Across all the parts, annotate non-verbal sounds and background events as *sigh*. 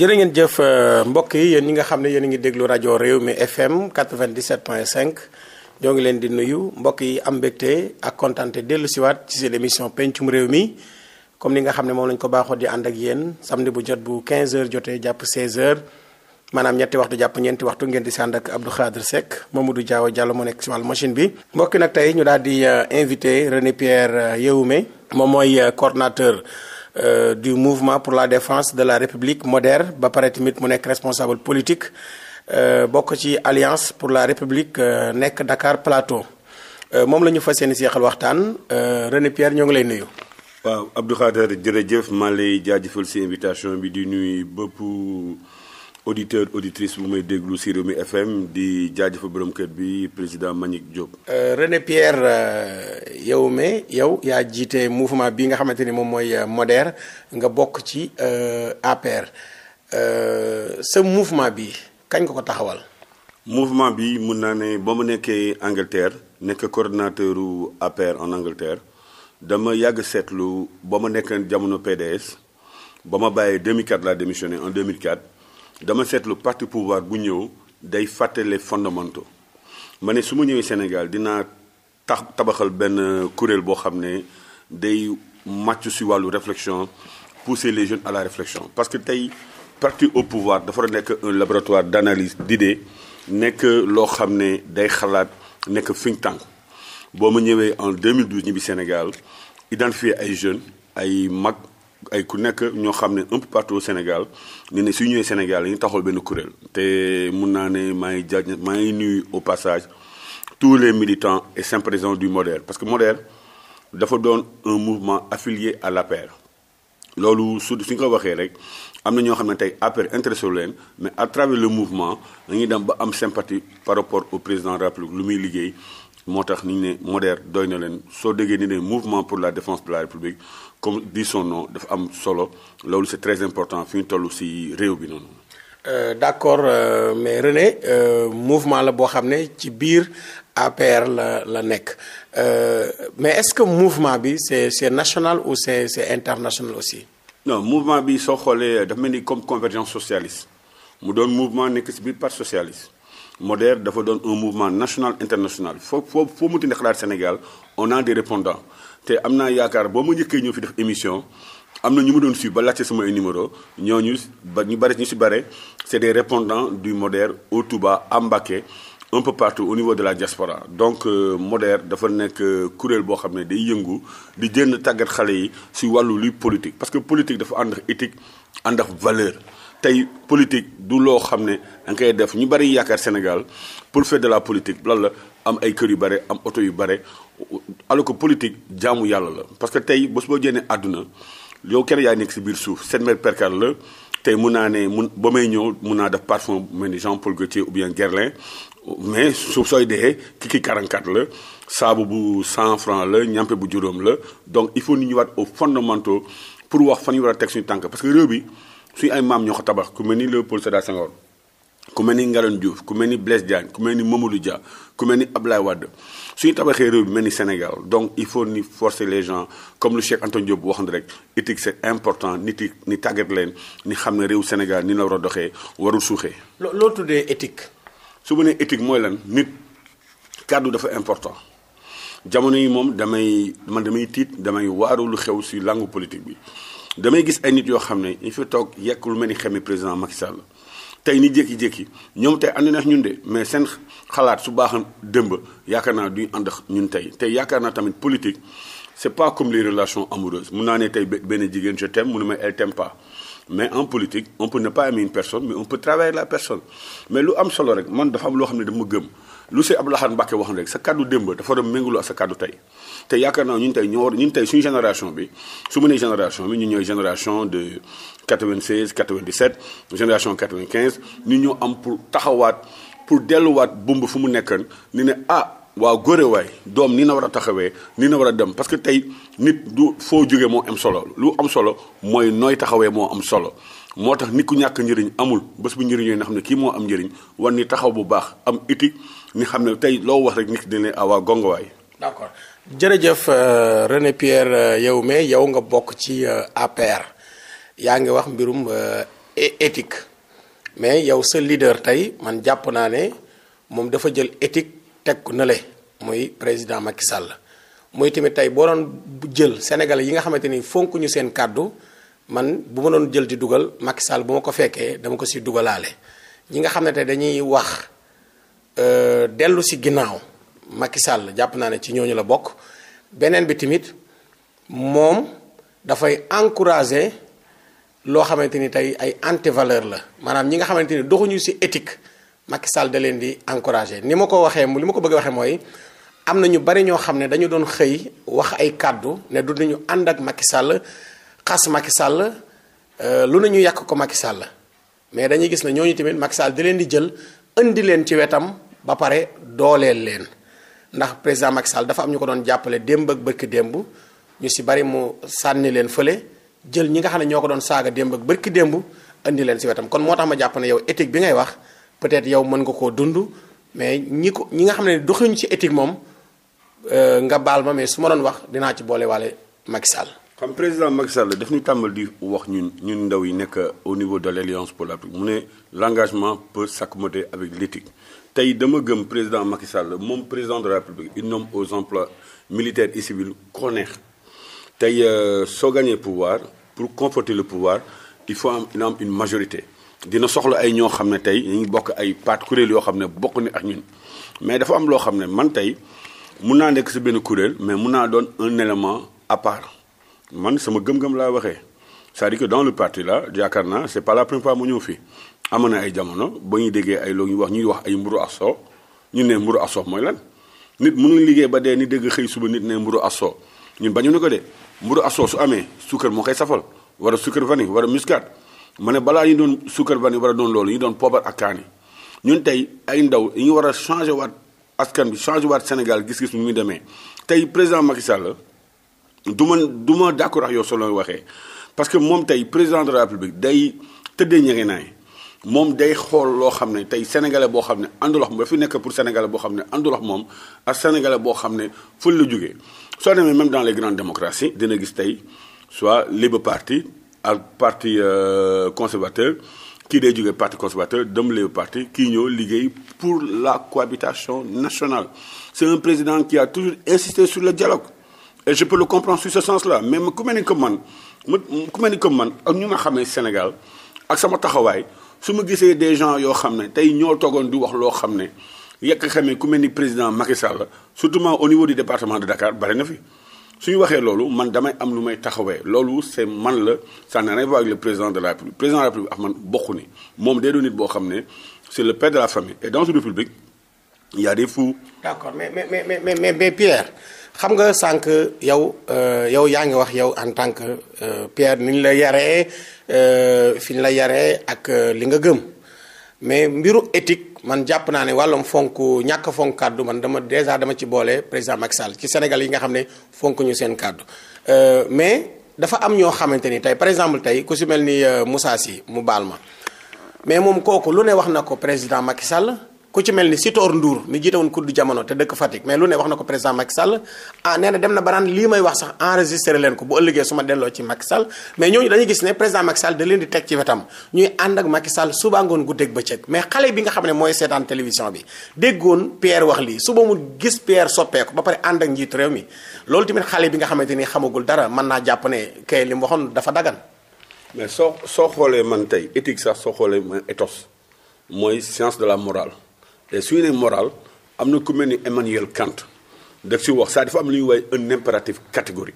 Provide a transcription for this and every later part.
jërë ngeen jëf euh, mbokk yi yéen ñi nga xam ne yéen a ngi déglu rajo réew mi FM 97.5 ñoo ngi leen di nuyu mbokk yi am mbégte ak kontante dellu siwaat ci seen émission pencum réew mi comme ni nga xam ne moom lañ ko baaxoo di ànd ak yéen samedi bu jot bu 15h jotee jàpp 16h maanaam ñetti waxtu jàpp ñeenti waxtu ngeen di sànd ak Abdou Khadre Seck Mamadou Diaw Diallo mu nekk si wàllu machine bi. mbokki nag tey ñu daal di euh, invité René Pierre euh, Yéhoume moom mooy coordonnateur. Euh, du mouvement pour la défense de la république moderne ba pare tamit mu nekk responsable politique euh, bokk ci alliance pour la république euh, nekk Dakar Plateau moom la ñu fas yéene seexal waxtaan René Pierre ñoo ngi lay nuyu. waaw Abdou Khader jërëjëf ma lay jaajëfal si invitation bi di ñuy bëpp. auditeur auditrice bu may déglu si Rewmi FM di jaajëfa borom kër bi président Manick Diop. Euh, René Pierre euh, yow me yow yaa jiite mouvement bi nga xamante ni moom mooy euh, Moder nga bokk ci APR sa mouvement bi kañ nga ko taxawal. mouvement bi mun naa ne ba mu nekkee Angleterre nekk coordonnateur APR en Angleterre dama yàgg seetlu ba ma nekk jamono PDS ba ma bàyyee 2004 laa démissionné en 2004. dama seetlu parti pouvoir bu ñëw day fàttale fondamentaux ma ne su ma ñëwee Sénégal dinaa tax tabaxal benn kuréel boo xam ne day màcc si wàllu réflexion pousser les jeunes à la réflexion parce que tey parti au pouvoir dafa nekk un laboratoire d'analyse de nekk loo xam ne day xalaat nekk think tànk boo ma ñëwee en 2012 ñibbi Sénégal identifier ay jeunes ay mag ay ku nekk ñoo xam ne un peu partout Sénégal ñu ne su ñëwee Sénégal yi ñu taxawal benn kuréel te mun naa ne maa ngi jaaj maa ngi nuyu au passage tous les militants et sympathisants du modèle parce que modèle dafa doon un mouvement affilié à l'APR loolu su suñ ko waxee rek am na ñoo xam ne tey APR intéressé wu mais à travers le mouvement dañuy dem ba am sympathie par rapport au président de lu muy liggéey moo tax ni ñu ne moderne doy na leen soo déggee ni ne mouvement pour la défense de la république comme dit son nom dafa am solo loolu c'est très important fi ñu toll ci réew bi noonu. Euh, d'accord euh, mais René euh, mouvement la boo xam ne ci biir APR la la nekk euh, mais est-ce que mouvement bi c'est c'est national ou c'est c'est international aussi. non mouvement bi soo xoolee dafa mel ni comme convergence socialiste mu doon mouvement nekk ci biir parti socialiste. MODER dafa doon un mouvement national international foo foo foo mu tudd xalaat Sénégal on a des répondant te am naa yaakaar boo ma njëkkee ñëw fi def émission am na ñu ma doon suivre ba laajte sama numéro ñooñu ba ñu bare ñu si bare c' est répondant répondants du MODER au Touba à un peu partout au niveau de la diaspora donc euh, MODER dafa nekk euh, kuréel boo xam ne day yëngu di jënd tàggat xale yi si wàllu luy politique parce que politique dafa ànd ak éthique ànd tey politique du loo xam ne da nga koy def ñu bari yaakaar Sénégal pour faire de la politique lan la am ay kër yu bare am oto yu bare alors que politique jaamu yàlla la. parce que tey bés boo génnee àdduna yow kenn yaa nekk si biir suuf seen mètre percale la tey mun naa ne mun ba may ñëw mun naa def parfum mel ni Jean-Paul Gaultier ou bien Guerlain mais su sooy dee kiki 44 la saabu bu 100 francs la ñampe bu juróom la donc il faut ñu ñëwaat aux fondamentaux pour wax fan ñu war a teg suñu tànk parce que réew bi. suñu ay maam ñoo ko tabax ku mel ni Léopold Sédar Senghor ku mel ni Ngalandou Diouf ku mel ni Blaise Diagne ku mel ni Mamadou Dia ku mel ni Abdoulaye Wade suñu tabaxee réew bi mel ni Sénégal donc il faut ni forcer les gens comme le Cheikh Antoine Diop waxoon rek éthique c'est important nit yi ni tàggat leen ni xam ne réew Sénégal ni la war a doxee warul suuxee. loo loo tuddee éthique. su ma nee éthique mooy lan nit kàddu dafa important jamono yi moom damay man damay tiit damay waaru lu xew si langue politique bi. damay gis ay nit yoo xam ne ñu fi toog yekk lu mel ni xemi président Macky Sall tey ni jékki-jékki ñoom tey ànd nax ñun de mais seen xalaat su baaxam démb yaakaar naa duñ ànd ñun tey tey yaakaar naa tamit politique c'est pas comme les relations amoureuses mun naa ne tey benn jigéen je t'aime mu mais en politique on peut ne pas aimer une personne mais on peut travailler la personne mais lu am solo rek man dafa am loo xam ne ma gëm lu si Abdou Lahad Mbacké wax rek sa kàddu démb dafa doon méngaloo sa kàddu tey te yaakaar naa ñun tey ñoo war tey suñu génération bi su ma génération bi ñu ñooy génération de 96 97 génération 95 ñun ñu am pour taxawaat pour delluwaat bumb fu mu nekkan ni ne ah waa góore waay doom nii na war a taxawee nii na war a dem parce que tey nit du foo jógee moo am solo lu am solo mooy nooy taxawee moo am solo moo tax nit ku ñàkk njëriñ amul bés bu njëriñoo nga xam ne kii moo am njëriñ war ni taxaw bu baax am éthique ni xam ne tey loo wax rek nit dina ne ah waa jërëjëf euh, René Pierre euh, Yahoume yow nga bokk ci euh, APR yaa ngi wax mbirum éthique mais yow sa leader tey man jàpp naa ne moom dafa jël éthique teg ko nële muy président Macky Sall muy tamit tey boo doon jël Sénégalais yi nga xamante ni fonk ñu seen kàddu man bu ma doon jël di dugal Macky Sall bu ma ko fekkee dama ko si dugalaale ñi nga xam ne tey dañuy wax dellu si ginnaaw. Macky Sall jàpp naa ne ci ñooñu la bokk beneen bi tamit moom dafay encourager loo xamante ni tey ay antivaleur la maanaam ñi nga xamante ni doxuñu ci éthique Macky Sall leen di encourager ni ma ko waxee li ma ko bëgg waxee mooy am na ñu bari ñoo xam ne dañu doon xëy wax ay kàddu ne du nañu ànd ak Macky Sall xas Macky Sall euh, lu ñu yàkk ko Macky Sall mais dañuy gis ne ñooñu tamit Macky Sall di leen di jël indi leen ci wetam ba pare dooleel leen ndax président Macky dafa am ñu ko doon jàppale démb ak bërki démb ñu si bari mu sànni leen fële jël ñi nga xam ne ñoo ko doon saaga démb ak bërki démb indi leen si wetam kon moo tax ma jàpp ne yow éthique bi ngay wax peut-être yow mën nga koo dund mais ñi ko ñi nga xam ne doxuñu ci éthique moom euh, nga baal ma mais su ma doon wax dinaa ci boole waale Macky xam président Macky Sall daf ñu tàmbal di wax ñun ñun ndaw yi nekk au niveau de l' alliance pour mu ne l' engagement peut s'accommoder avec l' tey dama gëm président Macky Sall moom président de la République il nomme aux emplois militaires et civils neex tey euh, soo gagné pouvoir pour conforter le pouvoir il faut am il am une majorité dina soxla ay ñoo xam ne tey ñu ngi bokk ay paat kuréel yoo xam ne bokk ni ak ñun mais dafa am loo xam ne man tey mun naa nekk si benn kuréel mais mun naa doon un élément à part man sama gëm-gëm laa waxee cest à que dans le parti là jaakaar naa c'est pas la première fois mu ñëw fii amoon na ay jamono ba ñuy déggee ay loolu ñu wax ñuy wax ay mburu asso ñu ne mburu asso mooy lan nit mu mënuñ liggéey ba dee ni dégg xëy suba nit ne mburu asso ñun bañu ne ko de mburu asso su amee suukar moo koy safal wala suukar vanille wala muscade ma ne balaa ñu doon suukar vanille war a doon loolu ñu doon poobar ak kaani ñun tey ay ndaw ñu war a changé waat askan bi changé waat Sénégal gis-gis mu demee tey président Macky Sall du ma du ma d'accord ak yow soo waxee parce que moom tey président de la République day tëddee ñege naay moom day xool loo xam ne tey sénégalais boo xam ne àndul wax fi nekk pour sénégalais boo xam ne àndul moom ak sénégalais boo xam ne fël la jógee soo demee même dans les grande démocraties dina gis tey soit Labour Party ak parti euh, conservateur kii day jógee parti conservateur dem Labour Party kii ñëw liggéey pour la cohabitation nationale c'est un président qui a toujours insisté sur le dialogue et je peux le comprendre sur ce sens-là mais ku mel ni que man ku mel ni que man ak ñu ma xamee Sénégal ak sama taxawaay su ma gisee des gens yoo xam ne tey ñoo toogoon di wax loo xam ne yekk xamee ku mel ni président Macky Sall surtout au niveau du département de Dakar bare na fi suñu waxee loolu man damay am lu may taxawee loolu c'est man la ça n'a rien à voir président de la République président de la République ak man bokku ni moom day doon nit boo xam ne c'est le père de la famille et dans une république il y a des mais mais mais mais mais mais Pierre. xam nga sànq yow euh, yow yaa ngi wax yow en tant que euh, Pierre ni la yaree euh, fi ñu la yaree ak li nga gëm mais mbiru éthique man jàpp naa ne wàllum fonk ñàkk fonk kàddu man dama déjà dama ci boole président Macky Sall ci Sénégal yi nga xam ne fonk ñu seen kàddu mais dafa am ñoo xamante ni tey par exemple tey ku si mel ni Moussa Sy mu baal ma mais moom kooku lu ne wax na ko président Macky Sall. ku ci mel ni Sitor nduur mi jiite woon kuddu jamono te dëkk Fatick mais lu ne wax na ko président Macky Sall ah na dem na baraan lii may wax sax enregistré leen ko bu ëllëgee su ma delloo ci Macky Sall mais ñooñu dañuy gis ne président Macky Sall da leen di teg ci wetam ñuy ànd ak Macky Sall suba ngoon guddeeg mais xale bi nga xam ne mooy seetaan télévision bi déggoon Pierre wax lii suba mu gis Pierre soppeeku ba pare ànd ak njiitu réew mi loolu tamit xale bi nga xamante ni xamagul dara mën naa jàpp ne kay li mu waxoon dafa dagan mais soo soo xoolee man tey éthique sax soo xoolee man ethos mooy science de la morale te su ñu nee moral am na ku mel ni Emmanuel Kant daf si wax saa dafa am lu ñuy woowee un impératif catégorique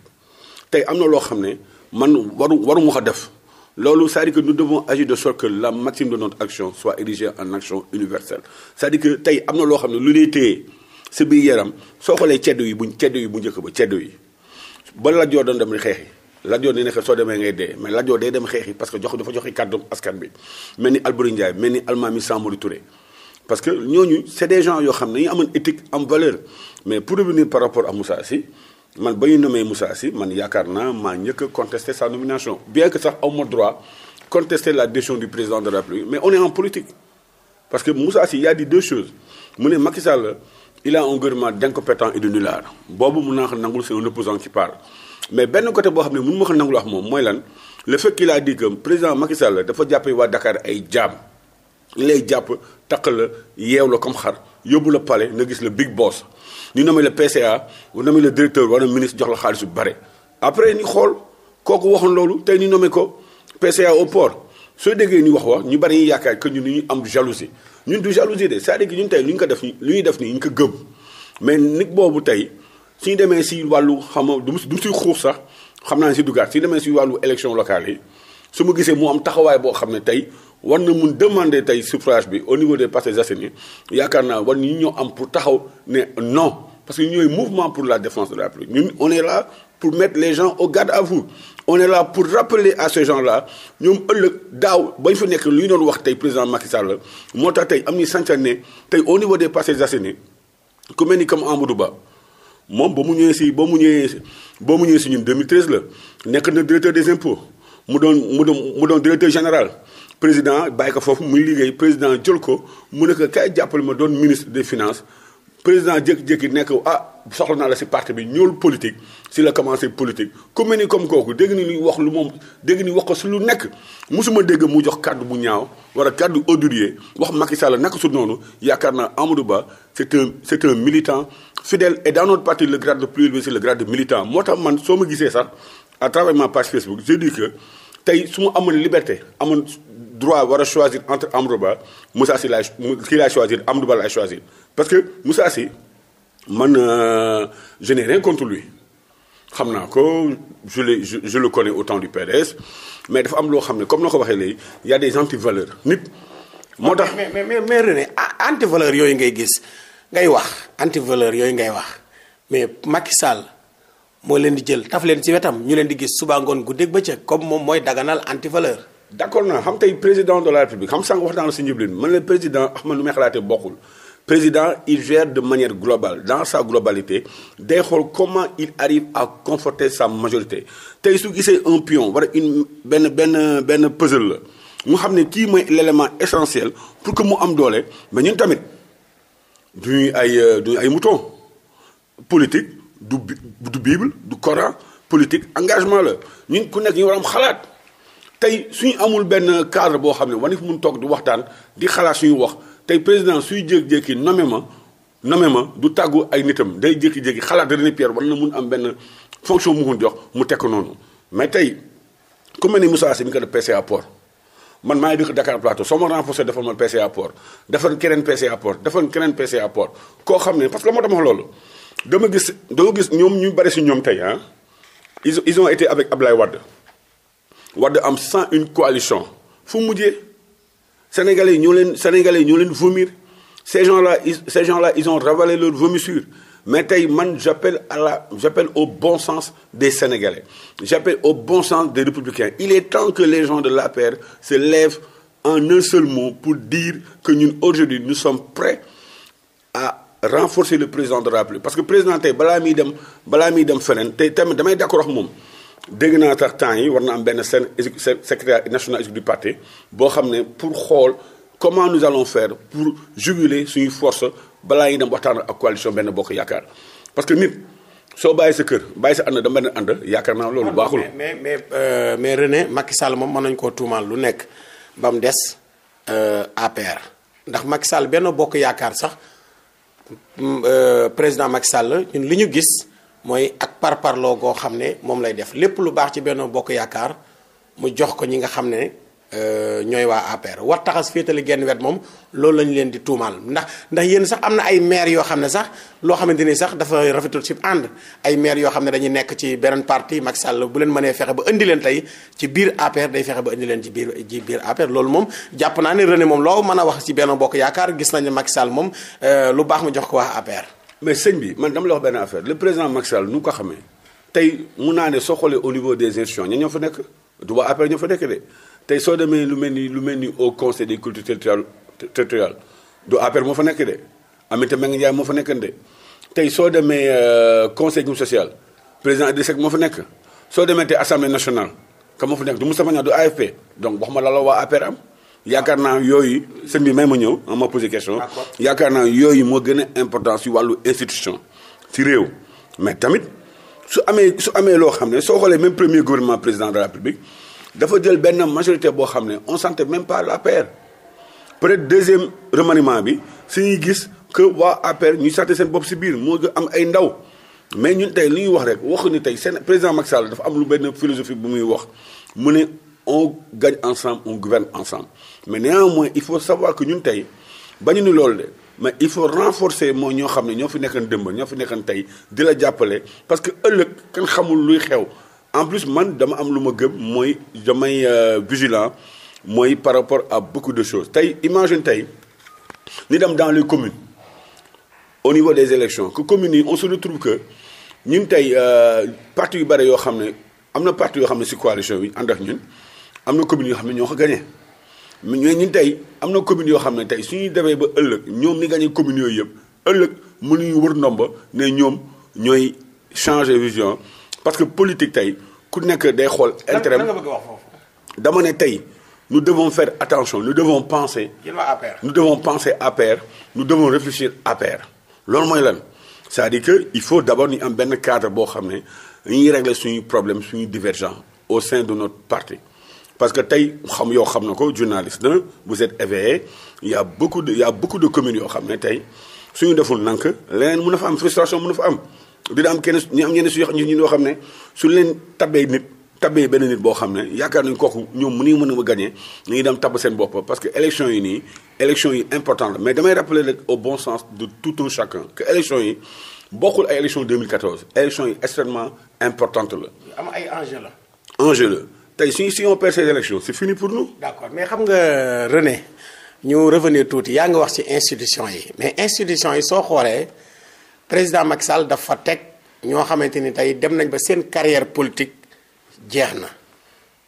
tey am na loo xam ne man waru waru mu a def loolu c'est-à-dire que nous devons de sorte que la maxime de notre action soit érigée en action universelle c'est-à-dire tey am na loo xam ne lu lay téye si biir yaram soo xoolee ceddo yi buñ ceddo yi bu njëkk ba ceddo yi ba Lat Joor dem xeexi Lat Joor ni nekk soo demee ngay dee mais Lat Joor day dem xeexi parce que jox dafa joxe kàddu askan mel ni Alboury Ndiaye mel ni Almaami Sambori Touré parce que ñooñu c'est des gens yoo xam ne dañu amoon éthique am valeur mais pour revenir par rapport à Moussa Sy man ba ñu nommé Moussa man yaakaar naa maa njëkk a contesté sa nomination bien que sax awma droit contester la décision du président de la République mais on est en politique parce que Moussa Sy y a dit deux choses mu ne Macky Sall il a un d'incompétent et de nullard boobu mun naa ko nangul c'est un opposant qui parle mais benn côté boo xam ne mënu ma ko nangul wax moom mooy lan le fait qu'il a dit que lay jàpp takk la yeew la comme xar yóbbu la palais nga gis la big boss ñu nommé le PCA ou nommé le directeur wala ministre jox la xaalis bu bare après ñu xool kooku waxoon loolu tey ñu nomee ko PCA au port soo déggee ñu wax wax ñu bari ñu yaakaar que ñun ñu am jalousie ñun du jalousie de cest à ñu que ñun tey lu ñu ko def lu ñuy def nii ñu ko gëm mais nit boobu tey su ñu demee si wàllu xam du mu si xuux sax xam naa si dugaat suñu demee si wàllu élection locale yi su ma gisee mu am taxawaay boo xam ne tey war na mun demander tey suffrage bi au niveau des Parcelles Assainies yaakaar naa war ñu ñoo am pour taxaw ne non parce que ñooy mouvement pour la défense de la République ñun on est là pour mettre les gens au garde à pour rappeler à ces gens là ñoom ëllëg daaw bañ fa nekk lu ñu doon wax tey président Macky Sall moo tax tey am ñu santaan ne tey au niveau des Parcelles Assainies ku mel ni comme Amadou Ba moom ba mu ñëwee si ba mu ñëwee ba mu ñëwee si ñun 2013 la nekk na directeur des impôts mu doon mu doon mu doon directeur général. président bàyyi ko foofu muy liggéey président jël ko mu ne ko kay jàppale ma doon ministre des finances président jékki-jékki nekk ah soxla naa la si parti bi ñëwul politique si la commencé politique ku mel comme kooku dégg ni luy wax lu moom dégg ni wax ko si lu nekk ma dégg mu jox kàddu bu ñaaw wala kàddu ordurier wax Macky Sall naka su noonu yaakaar naa Amadou Ba c'est un c'est un militant fidèle et dans notre parti le grade de plus élevé moo tax man soo ma gisee sax à travers ma page droit war a choisir entre Amadou Ba Moussa Sy laay kii laay choisir Amadou Ba laay choisir parce que Moussa Sy man euh, je n'ai xam naa ko je le je, je le connais au temps du PDS mais dafa am loo xam ne comme noo ko waxee léegi y a des antivaleurs nit. moo ah, tax mais mais mais mais René ah, antivaleurs yooyu ngay gis ngay wax antivaleurs yooyu ngay wax mais Macky Sall moo leen di jël taf leen ci wetam ñu leen di gis suba ngoon guddeeg bëccëg comme moom mooy daganal antivaleur. d' accord naa xam tey président de la république xam sànq wax naa la si njëblin man la président xam nga nu may xalaatee bokkul président il gère de manière globale dans sa globalité day xool comment il arrive à conforter sa majorité tey su gisee un pion wala une benn benn benn puzzle la mu xam ne kii mooy lélément élément essentiel pour que mu am doole mais ñun tamit duñuy ay euh, duñu ay mouton politique du du bible du coran politique engagement la ñun ku nekk war am xalaat tey suñu amul benn cadre boo xam ne war nañ fa mun toog di waxtaan di xalaat suñu wax tey président suy jékki-jékki nommé ma nommé ma du tàggu ay nitam day jékki-jékki xalaat René Pierre war na mun am benn fonction mu mun jox mu tekk noonu mais tey ku mel ni Moussa Sy mi def PCA port man maa ngi dëkk Dakar Plateau soo ma renforcé defal ma PCA port defal keneen PCA port defal keneen PCA port koo xam ne parce que moo tax ma wax loolu dama gis doo gis ñoom ñu bari si ñoom tey ah ils ils ont été avec Ablaye Wade am cent une coalition fu mujjee sénégalais yi ñoo leen sénégalais yi leen vomir ces gens là ils ces gens là ils ont mais tey man j'appelle à la j'appelle au bon sens des sénégalais j'appelle au bon sens des républicains il est temps les gens de l'APR se lèvent en un seul mot pour dire que ñun aujourd'hui nous sommes prêts à le président de la République parce que président balaa muy dem balaa muy dem feneen te tamit damay d'accord moom dégg naa tax temps yi war na am benn seen secrétaire national exécutif du parti boo xam ne pour xool comment nous allons faire pour juguler suñuy force balaa ngi dem waxtaan ak coalition benn bokk yaakaar parce que nit soo bàyyi sa kër bàyyi sa ànd dama benn ànd yaakaar naa loolu baaxul. Ah, mais mais euh, mais René Macky Sall moom man nañ koo tuumaal lu nekk ba mu des euh, APR ndax Macky Sall benn bokk yaakaar sax mm, euh, président Macky li ñu gis. mooy ak par parparloo goo xam ne moom lay def lépp lu baax ci benn Bokk Yaakaar mu jox ko ñi nga xam ne euh, ñooy waa APR war taxas féetale genn wet moom loolu lañu leen di tuumaal ndax ndax yéen sax am na ay maire yoo xam ne sax loo xamante ni sax dafa rafetul ci ànd ay maire yoo xam ne dañuy nekk ci beneen parti Macky Sall bu leen mënee fexe ba indi leen tey ci biir APR day fexe ba indi leen ci biir ci biir APR loolu moom jàpp naa ne René moom loo mën a wax ci Benno Bokk Yaakaar gis nañu ne Macky moom euh, lu baax mu jox ko waa APR. mais sëñ bi man dama la wax benn affaire le président Macky Sall nu ko xamee tey mun naa ne soo xoolee au niveau des institutions ñoo fa nekk du waa APR ñoo fa nekk de tey soo demee lu mel ni lu mel ni au conseil des cultures territoriales territoriales du APR moo fa nekk de Aminata Mbengue Ndiaye moo fa nekkan de tey soo demee euh, conseil économique sociale président Idrissa Seck moo fa nekk soo demee tey assemblée nationale ka moo fa nekk du Moustapha Niasse du AFP donc wax ma la la waa APR am yaakaar naa yooyu sëñ bi may ma ñëw a ma posé question yaakaar naa yooyu moo gën a important si wàllu institution si réew mais tamit su amee su amee loo xam ne soo xoolee même premier gouvernement président de la République dafa jël benn majorité boo xam ne on sentait même pas l'APR peut-être deuxième remaniement bi ñu gis que waa APR ñu senté seen bopp si biir moo gën am ay ndaw mais ñun tey li ñuy wax rek waxuñu tey seen président Macky Sall dafa am lu benn philosophie bu muy wax mu ne on gagne ensemble on gouverne ensemble mais néanmoins il faut savoir que ñun tey bañu ni loolu de mais il faut renforcer mooy ñoo xam ne ñoo fi nekk nekkan dëmb ñoo fi nekkan tey di la jàppale parce que ëllëg kan xamul luy xew en plus man dama am lu ma gëm mooy damay euh, vigilant mooy par rapport à beaucoup de choses tey imagine tey ni dem dans les communes au niveau des élections que communes yi on se retrouve que ñun tey euh, parti yu bëri yoo xam ne am na parti yoo xam ne si coalition bi ànd ak ñun am na communes yoo xam ne ñoo ko gagné mais ñun tey am na communes yoo xam ne tey suñuy demee ba ëllëg ñoom ni gagné communes yooyu yëpp ëllëg mënuñu wër ndomba ne ñoom ñooy changer vision parce que politique tey ku nekk day xool intérêt dama ne tey nous devons faire attention nous devons penser nous devons penser à pair nous devons réfléchir à pair loolu mooy lan c'est-à-dire que il faut d'abord ñu am benn cadre boo xam ne ñuy régler suñuy problème suñuy divergent au sein de notre parti parce que tey xam yoo xam ne ko journaliste na vous êtes éveillé a beaucoup de il beaucoup de communes yoo xam ne tey su suñu deful nank leneen mën na fa am frustration mën na fa am dina am kenn ñu am ñenn suñu ñun yoo xam ne suñ leen tabee nit tabee benn boo xam ne yaakaar nañ kooku ñoom mu ni mën a ma gagné ñu ngi dem tabb seen bopp parce que élection yi nii élection yi important la mais damay rappeler rek au bon sens de tout un chacun que élection yi bokkul ay élection 2014 élection yi extrêmement importante la am ay enjeu la enjeu la tey suñu si on perd ces élections c'est fini pour nous. d'accord mais xam nga René ñu revenir tuuti yaa ngi wax ci institution yi mais institution yi soo xoolee président Macky Sall dafa teg ñoo xamante ni tey dem nañ ba seen carrière politique jeex na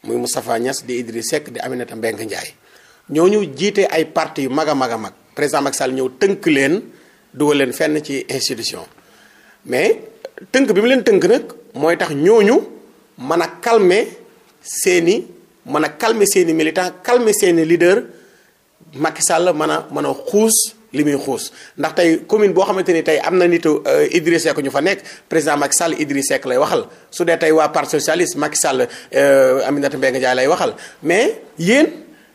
muy Moustapha Niass di Idriss Seck di Aminata Mbengue Ndiaye ñooñu jiite ay partie yu mag a mag a mag président Macky Sall ñëw tënk leen dugal leen fenn ci institution mais tënk bi mu leen tënk nag mooy tax ñooñu mën a calmer. seeni man a calmer seeni militant calmer seeni leader Macky Sall mën a mën a xuus li muy xuus ndax tey commune boo xamante ni tey am na nitu euh, Idriss Seck ñu fa nekk président Macky Sall Idriss Seck lay waxal su dee tey waa parti socialiste Macky Sall euh, Aminata Mbengue Ndiaye lay waxal mais yéen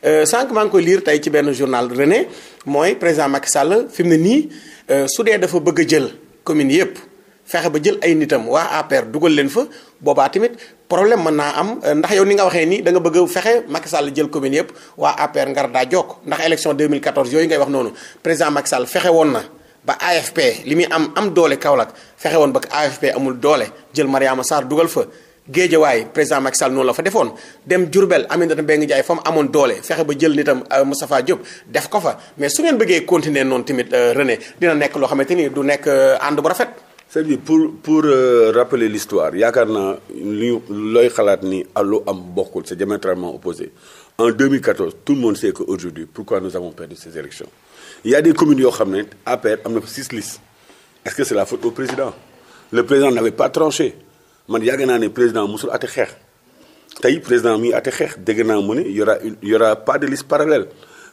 euh, sànq maa ngi koy tey ci benn journal René mooy président Macky Sall fi mu ne nii su dee dafa bëgg a jël commune yépp fexe ba jël ay nitam waa APR dugal leen fa boobaa tamit problème mën naa am euh, ndax yow ni nga waxee nii da nga bëgg a fexe Macky la jël commune yëpp waa APR ngar daa jokk ndax élection 2014 yooyu ngay wax noonu président Macky Sall fexe woon na ba AFP li muy am am doole Kaolack fexe woon ba AFP amul doole jël Mariama Sarr dugal fa. Géejawaay président Macky Sall la fa defoon dem Diourbel Aminata Mbengue Ndiaye fa mu amoon doole fexe ba jël nitam euh, Moustapha Diop def ko fa mais su ngeen bëggee continuer noonu tamit euh, René dina nekk loo xamante ni du nekk ànd bu rafet. cest à pour pour euh, rappeler l'histoire yaakaar naa lu looy xalaat ni ah, lu am bokkul c'est diamétralement opposé en 2014 tout le monde sait que aujourd'hui pourquoi nous avons perdu ces élections il y a yoo xam ne APR am na fa six listes est que c'est la faute au président le président n'avait pas tranché man yàgg naa ne président musul ate xeex tey président mi ate xeex dégg naa mu ne y aura une y aura pas de liste parallèle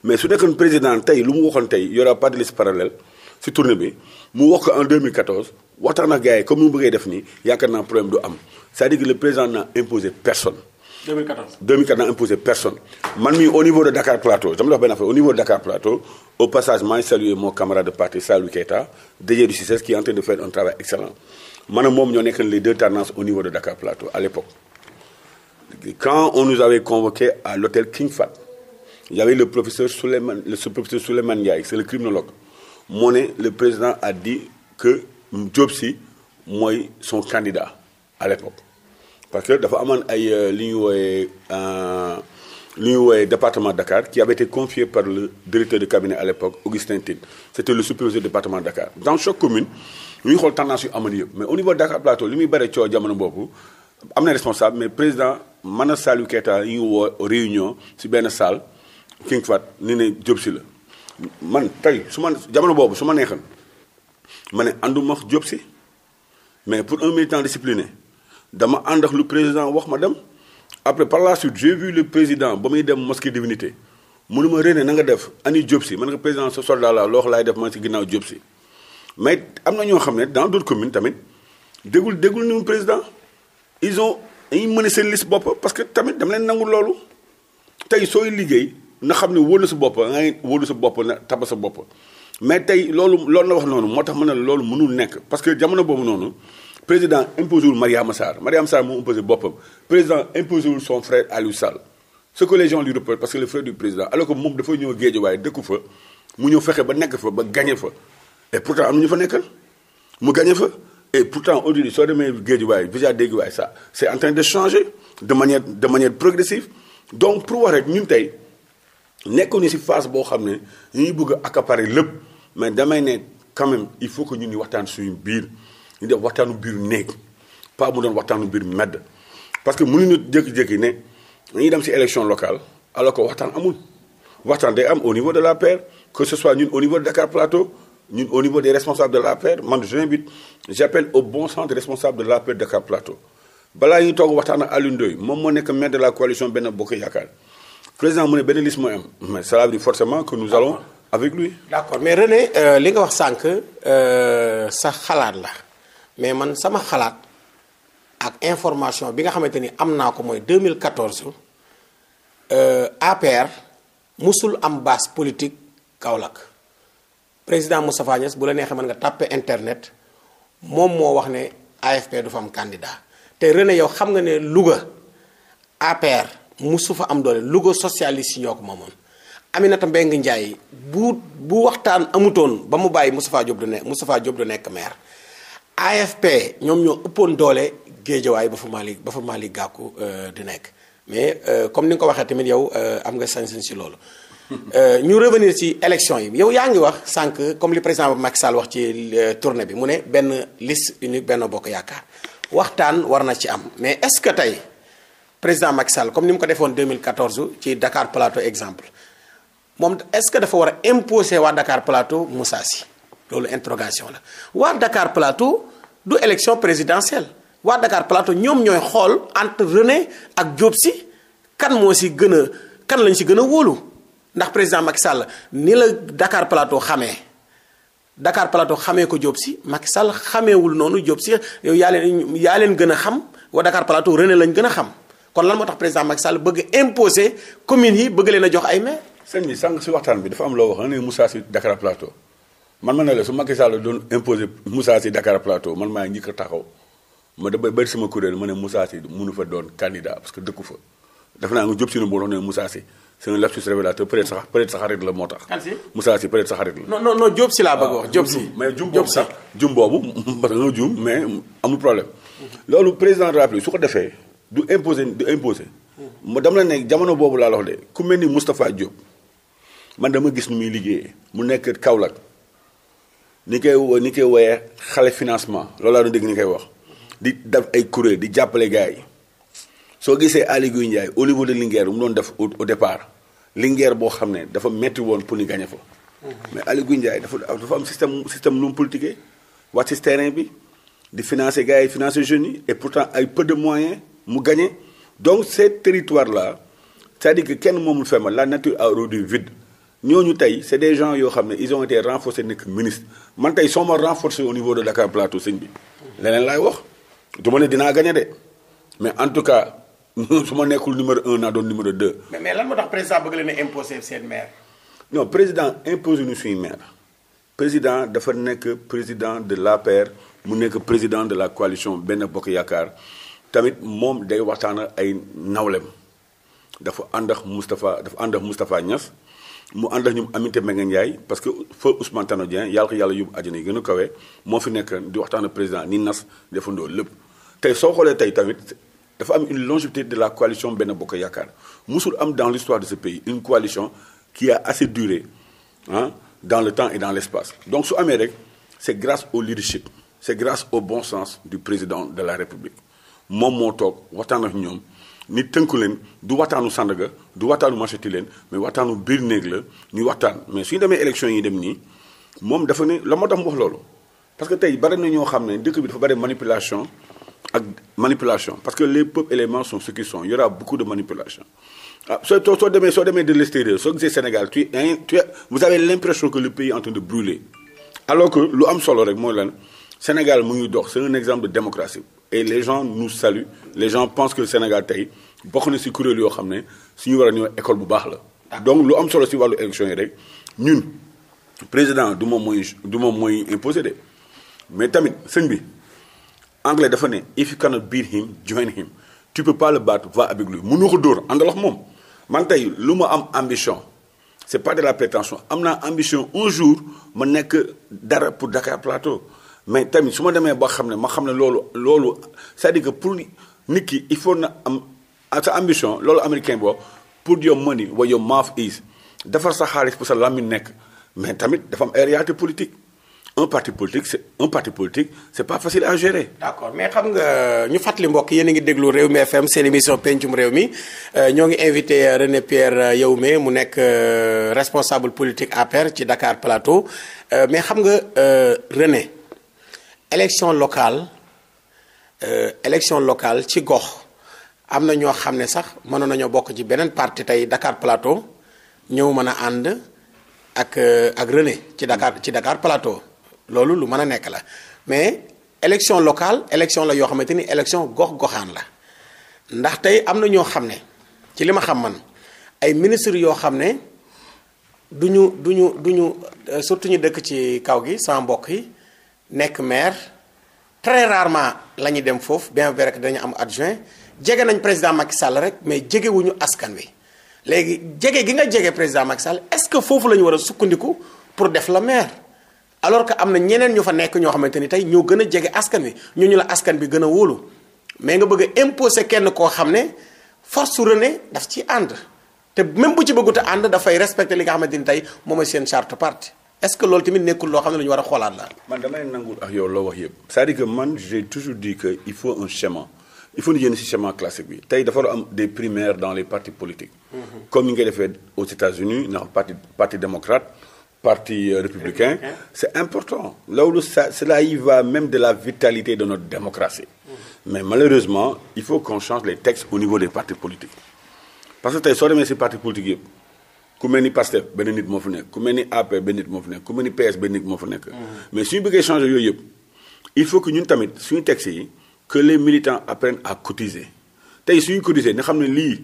mais su nekkoon président tey lu mu waxoon tey y aura pas si tournée bi mu wax ko en 2014 waxtaan ak gars comme ni mu bëggee def nii yaakaar naa problème du am c'est-à-dire que le président n'a imposé personne. 2014 personne man mi au niveau de Dakar Plateau dama la wax benn affaire au niveau de Dakar Plateau au passage maa saluer mon camarade de parti Salou qui est en train de faire un travail excellent maanaam moom ñoo nekk les deux tendances au niveau de Dakar Plateau à l'époque quand on nous avait convoqué à l'hôtel King Fahd il y avait le professeur Souleymane le professeur Souleymane Ndiaye c'est le moo le président a dit Diop si mooy son candidat à l'époque parce que dafa amoon ay euh, li ñu wooyee euh, li ñu wooyee département Dakar qui avait été confié par le directeur de cabinet à l'époque Augustin Tine c'était le superviseur du département Dakar dans chaque commune ñu xool tendance yu amoon yëpp mais au niveau Dakar Plateau li muy bare coow jamono boobu am na responsable mais président Manar Salou Keita yi ñu woo réunion si benn salle King Fahd ni ne Diop si la man tey su ma jamono boobu su ma ma ne ànduma wax Diop si mais pour un militant discipliné dama ànd ak lu président wax ma dem après par la suite j'ai vu président ba muy dem mosquée divinité mënu ma René na nga def ani Diop si man nga président sa soldat la loo wax laay def man si ginnaaw Diop si mais am na ñoo xam ne dans d'autres commune tamit déggul déggul ni mu président ils ont dañuy mené seen liste bopp parce que tamit dama leen nangul loolu tey sooy liggéey na xam ne wóolu sa bopp nga wóolu sa bopp na taba sa bopp mais tey loolu loolu la wax noonu moo tax ma ne loolu mënul nekk parce que jamono boobu noonu président imposé wul Mariama Sarr Mariama Sarr moo imposé boppam président imposé wul son frère Aliou Sall ce que les gens lui reprochent que le frère du président alors que moom dafa ñëw Guédiawaye dëkku fa mu ñëw fexe ba nekk fa ba gagné fa et pourtant am na ñu fa nekkal mu gagné fa et pourtant aujourd'hui soo demee Guédiawaye déjà Guédiawaye ça c'est en train de changer de manière de manière progressive donc pour wax rek ñun tey nekkoon ni si phase boo xam ne ñu ngi bëgg a lépp mais damay ne quand même il faut que ñu ñu waxtaan suñu biir ñu def waxtaanu biir néeg pas mu doon waxtaanu biir medd parce que mënuñu jékki-jékki ne dañuy dem ci élection local alors que waxtaan amul waxtaan day am au niveau de l'APR que ce soit ñun au niveau de Dakar Plateau ñun au niveau des responsables de l'APR man j'invite j'appelle au bon sens des responsables la l'APR Dakar Plateau balaa ñuy toog waxtaan ak Alioune Ndoye moom moo nekk maire de la coalition Benno Bokk Yaakaar président mu ne mais ça veut dire forcément avec lui. d'accord mais René euh, li nga wax sànq euh, sa xalaat la mais man sama xalaat ak information bi nga xamante ni am naa ko mooy 2014 euh, APR musul am base politique Kaolack président Moustapha Niass bu la neexee mën nga tàppe internet moom moo wax ne AFP du fa am candidat te René yow xam nga ne Louga APR musu fa am doole Louga socialiste yi ñoo ko Aminata Mbengue Ndiaye bu bu waxtaan amutoon ba mu bàyyi Moustapha Diop du ne Moustapha Diop du nekk maire AFP ñoom ñoo ëppoon doole géejawaay ba fa Malick ba fa Malick Gakou euh, di nekk mais euh, comme ni nga ko waxee tamit yow euh, am nga sañ-sañ si loolu. *laughs* ñu revenir ci élection yi yow yaa ngi wax sànq comme li président Macky Sall wax ci tournée bi mu ne benn list unique benn bokk yaakaar waxtaan war na ci am mais est-ce que tey président Macky Sall comme ni mu ko defoon 2014 ci Dakar Plateau exemple. moom est-ce que dafa war a imposer waa Dakar Plateau Moussa Sy la waa Dakar Plateau du élection présidentielle waa Dakar Plateau ñoom ñooy xool entre René ak Diop si kan moo si gën a kan lañ si gën a wóolu ndax président Macky Sall ni la Dakar Plateau xamee Dakar Plateau xamee ko Diop Sy Macky Sall xameewul noonu Diop Sy yow yaa leen yaa leen gën a xam waa Dakar Plateau René lañ gën a xam kon lan moo tax président Macky Sall bëgg imposer commune yi bëgg leen a jox ay maire sëñ bi sànq si waxtaan bi dafa am loo wax ne Moussa si Dakar Plateau man ma su Macky Sall doon imposé Moussa si Dakar man maa ngi njëkk taxaw ma dama bëri sama kuréel ma ne Moussa si mënu fa doon candidat parce que dëkku fa naa nga jub si nu boo wax ne Moussa si c'est un lapsus la moo tax. Moussa si peut-être sa xarit si laa bëgg wax. Diop ah, si mais jum boobu sax jum boobu *laughs* loolu président de su ko defee du imposer du imposer. Mm. dama la ne jamono boobu laa wax de ku mel ni Moustapha Diop man dama gis ni muy liggéeyee mu nekk Kaolack ni koy ni koy woyee xale financement loolu laa nu dégg ni koy wax di def ay kuréel di jàppale gars yi soo gisee Aly Ngouille Ndiaye au niveau de Linguère mu doon def au départ Linguère boo xam ne dafa metti woon pour ñu gagné fa. Mmh. mais Aly Ngouille Ndiaye dafa am système système nu mu politiqué wàcc ci terrain bi di financer gars yi financer jeunes yi et pourtant ay peu de moyens mu gagné donc ces territoires là cest à kenn moomul feemal la nature a du ñooñu tey c' est des gens yoo xam ne ils ont été renforcés nekk ministre man tey soo ma renforcé au niveau de Dakar Plateau sëñ bi leneen laay wax du ma ne dinaa gagné de mais en tout cas *laughs* su ma nekkul numéro un naa doon numéro deux. mais mais lan moo tax président bëgg leen a imposer seen maire. non président impose ñu suñu maire président dafa nekk président de la l'APR mu nekk président de la coalition benn Bokk Yaakaar tamit moom day waxtaan ay nawlem dafa ànd ak Moustapha dafa ànd ak Moustapha mu ànd ak ñoom Aminata Mbengue Ndiaye parce que feu Ousmane Tanor Dieng yàlla ko yàlla yóbbu àjjana yi gën a kawe moo fi nekk di waxtaan ak président ni nas defandoo lépp tey soo xoolee tey tamit dafa am une longévité de la coalition benn Bokk Yaakaar musul am dans l'histoire de ce pays une coalition qui a assez duré ah dans le temps et dans l'espace donc su amee rek c'est grâce au leadership c'est grâce au bon sens du président de la République moom moo toog waxtaan ak ñoom nit tënku leen du waxtaanu Sandaga du waxtaanu Macheti leen mais waxtaanu biir néeg la ñuy waxtaan mais suñu demee élection yi dem nii moom dafa ne la moo tax mu wax loolu. parce que tey bari na ñoo xam ne dëkk bi dafa bari manipulation ak manipulation parce que les peuples éléments sont ce qu'ils sont il y aura beaucoup de manipulation. Ah, soo soo demee soo demee de l'extérieur soo gisee Sénégal tu tu vous avez l'impression que le pays est en de lu am solo rek mooy lan Sénégal mu ngi dox c'est exemple de e les gens nous saluent les gens pensent que Sénégal tey bokk na si kuréel yoo xam ne ñu war a ñëw école bu baax la. donc lu am solo ci wàllu élection yi rek ñun président du moom mooy du moom mooy imposé de mais tamit sëñ bi anglais dafa ne if you cannot beat him join him tu peux pas le battre va avec lui mënoo ko dóor àndalax moom man tey lu ma am ambition. c'est pas de la prétention am naa ambition un jour ma nekk dara pour Dakar Plateau. mais tamit su ma demee ba xam ne ma xam ne loolu loolu c'est-à-dire que pour nit ki il faut na am sa ambition loolu américain boo pour your money wa your mouth defar sa xaalis pour sa làmmiñ nekk mais tamit dafa am ay réalité politique un parti politique c'est un parti politique c'est pas facile à gérer. d'accord mais xam nga ñu fàttali mbokk yéen a ngi déglu réew mi FM seen émission pencum réew mi euh, ñoo ngi invité euh, René Pierre euh, Yahoume mu nekk responsable politique APR ci Dakar Plateau mais xam nga René. élection locale euh, élection locale ci gox am na ñoo xam ne sax mënoon nañoo bokk ci beneen parti tey Dakar Plateau ñëw mën a ànd ak euh, ak René ci Dakar ci Dakar Plateau loolu lu mën a nekk la mais élection locale élection la yoo xamante ni élection gox-goxaan la ndax tey am na ñoo xam ne ci li ma xam man ay ministre yoo xam ne du ñu du ñu du ñu euh, surtout ñu dëkk ci kaw gi sama mbokk yi nekk maire très rarement la ñuy dem foofu bien vrai rek dañu am adjoint jege nañ président Macky Sall rek mais jegewuñu askan wi léegi jege gi nga jege président Macky Sall est-ce que foofu la ñu war a sukkandiku pour def la maire alors que am na ñeneen ñu fa nekk ñoo xamante ni tey ñoo gën a jege askan wi ñu la askan bi gën a wóolu mais nga bëgg a imposer kenn koo xam ne force su René daf ci ànd te même bu ci bëggut a ànd dafay respecter li nga xamante ni tey moom seen charte parti est-ce que loolu tamit nekkul loo xam ne la ñu war a xoolaat la. man damay nangul ak yow loo wax yëpp. c'est-à-dire que man j'ai toujours dit que faut un schéma il faut ñu génn ci schéma classique bi tey dafa am des primaires dans les partis politiques. Mhm. comme ni nga defee aux États-Unis ndax parti parti démocrate parti euh, républicain. c'est important loolu ça cela y va même de la vitalité de notre démocratie. Mhm. mais malheureusement il faut qu'on change les textes au niveau des partis politiques parce que ku mel ni Pastef benn nit moo fi nekk ku mel ni AP benn nit moo fi nekk ku mel ni PS benn nit moo fi nekk. Mm-hmm. mais suñu bëggee changer yooyu yëpp il faut que ñun tamit suñu texte yi que les militants apprennent à cotiser tey suñu cotiser nga xam ne lii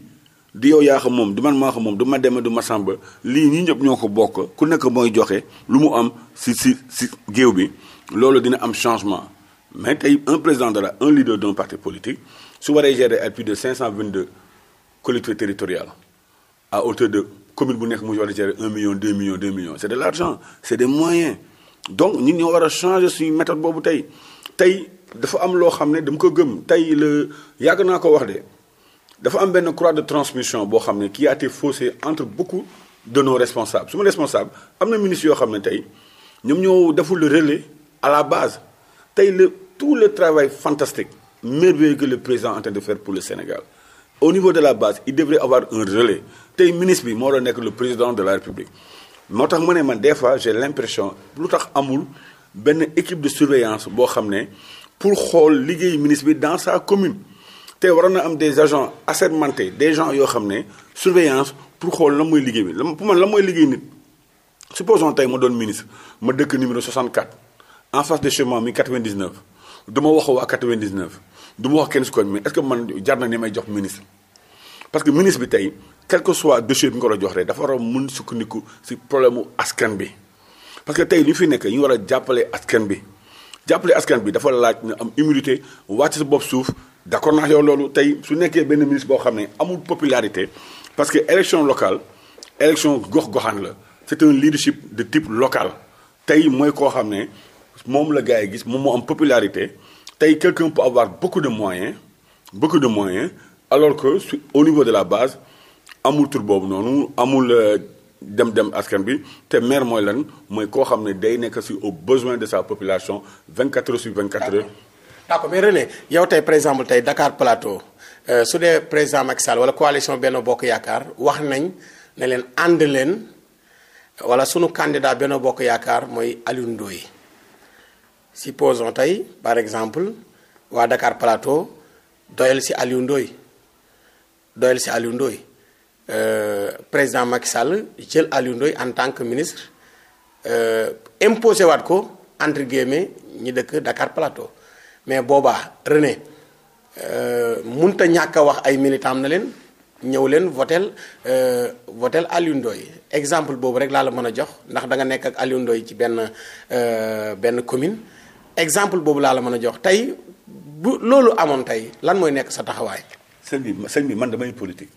di yow yaa xam moom du man maa moom du ma dem du ma sàmba lii ñi ñëpp ñoo ko bokk ku nekk mooy joxe lu mu am si si si géew bi loolu dina am changement. mais tey un président de la un leader d'un parti politique su waree gérer ay plus de 522 collectivités territoriales à hauteur de. commune bu nekk mu war a gérer un million deux millions deux millions c'est de l'argent c'est des moyens donc ñun ñoo war a changer suñu méthode boobu tey tey dafa am loo xam ne dama ko gëm tey le yàgg naa ko wax de dafa am benn croix de transmission boo xam ne qui a été faussée entre beaucoup de nos responsables su ma responsable am na ministre yoo xam ne tey ñoom ñoo deful le relais à la base tey le tout le travail fantastique merveilleux que le président est de faire pour Sénégal au niveau de la base il devrait avoir un tey ministre bi moo doon nekk le président de la république moo tax ma ne man des fois j'ai l'impression lu tax amul benn équipe de surveillance boo xam ne pour xool liggéey ministre bi dans sa commune te waroon na am des agents assermentés des gens yoo xam ne surveillance pour xool la mooy liggéey bi pour man la mooy liggéey nit supposons tey ma doon ministre ma dëkk numéro 64 en face de chemin mi 99 du ma wax waa 99 du ma wax kenn su ko mais est jar na ni may jox ministre parce que ministre bi tey quel que soit dossier bi nga war a jox rek dafa war a mën sukkandiku si problème mu askan bi parce que tey ñu fi nekk ñu war a jàppale askan bi jàppale askan bi dafa laaj na am humilité wàcc sa bopp suuf d'accord naa yow loolu tey su nekkee benn ministre boo xam ne amul popularité parce que élection local élection gox-goxaan la c'est un leadership de type local tey mooy koo xam ne moom la gars yi gis moom moo am popularité tey quelqu'un peut avoir beaucoup de moyens beaucoup de moyens alors que au niveau de la base amul tur boobu noonu amul euh, dem dem askan bi te maire mooy lan mooy koo xam ne day nekk si au besoin de sa population 24 heures sur 24 heures. d'accord mais René yow tey par exemple tey Dakar Plateau euh, su dee président Macky Sall wala coalition benn Bokk Yaakaar wax nañ ne leen ànd leen wala sunu candidat benn Bokk Yaakaar mooy Aliou si poson tey par exemple waa Dakar Plateau doyal si Aliou Ndoye doyal si Aliou Ndoye Euh, président Macky Sall jël Aliou en tant que ministre euh, imposé waat ko entre guillemets ñi dëkk Dakar Plateau mais boobaa René euh, munta ñàkk a wax ay militant na leen ñëw leen votel votel Aliou Ndoye exemple boobu rek laa la mën a jox ndax danga nekk ak Aliou Ndoye ci benn benn commune exemple boobu laa la mën a jox tey bu loolu amoon tey lan mooy nekk sa taxawaay. sëñ bi sëñ bi man damay politique.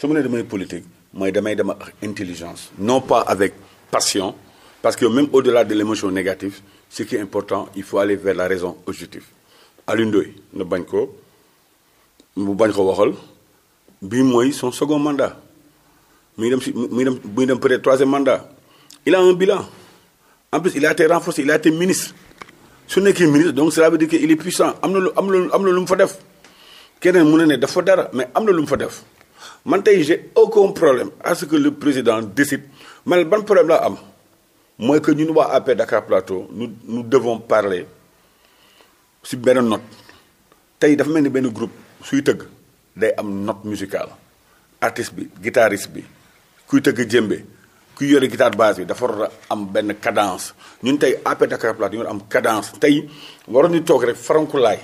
su ma nee politique mooy damay dem ak intelligence non pas avec passion que même au de l'émotion négative ce qui important il faut aller vers la raison objective bañ ko mu bañ ko waxal bii mooy son second mandat muy dem si muy dem muy dem peut-être troisième mandat il ministre su nekkee ministre donc cela veut dire que il est puissant am na lu am na lu am na lu mu fa def keneen mu ne ne dafa dara mais am na lu mu fa def man tey j'ai aucun problème à que le président décide man ban problème laa am mooy que nu waa AP Dakar Plateau nous nous devons parler si benn note tey dafa mel ni benn groupe suy tëgg day am note musicale artiste bi guitariste bi kuy tëgg jëmbe kuy yore guitare basse bi dafa war a am benn cadence ñun tey AP Dakar Plateau ñu am cadence tey waroon ñu toog rek farankulaay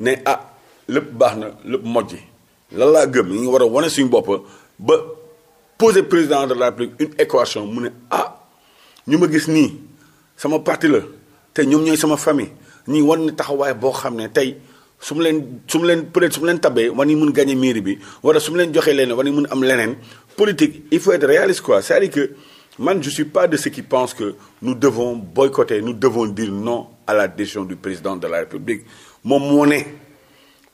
ne ah lépp baax na lépp mojji lan laa gëm ñu ngi war a wane suñu bopp ba poser président de la République une équation mu ne ah ñu ma gis nii sama parti la te ñoom ñooy sama famille ñii wan taxawaay boo xam ne tey su mu leen su mu leen peut su leen tabee war nañu mun gagner mairie bi wala su mu leen joxee leneen war nañu mun am leneen politique il faut être réaliste quoi c'est-à-dire que man je suis pas de ceux qui pensent que nous devons boycotter nous devons dire non à la décision du président de la République moom moo ne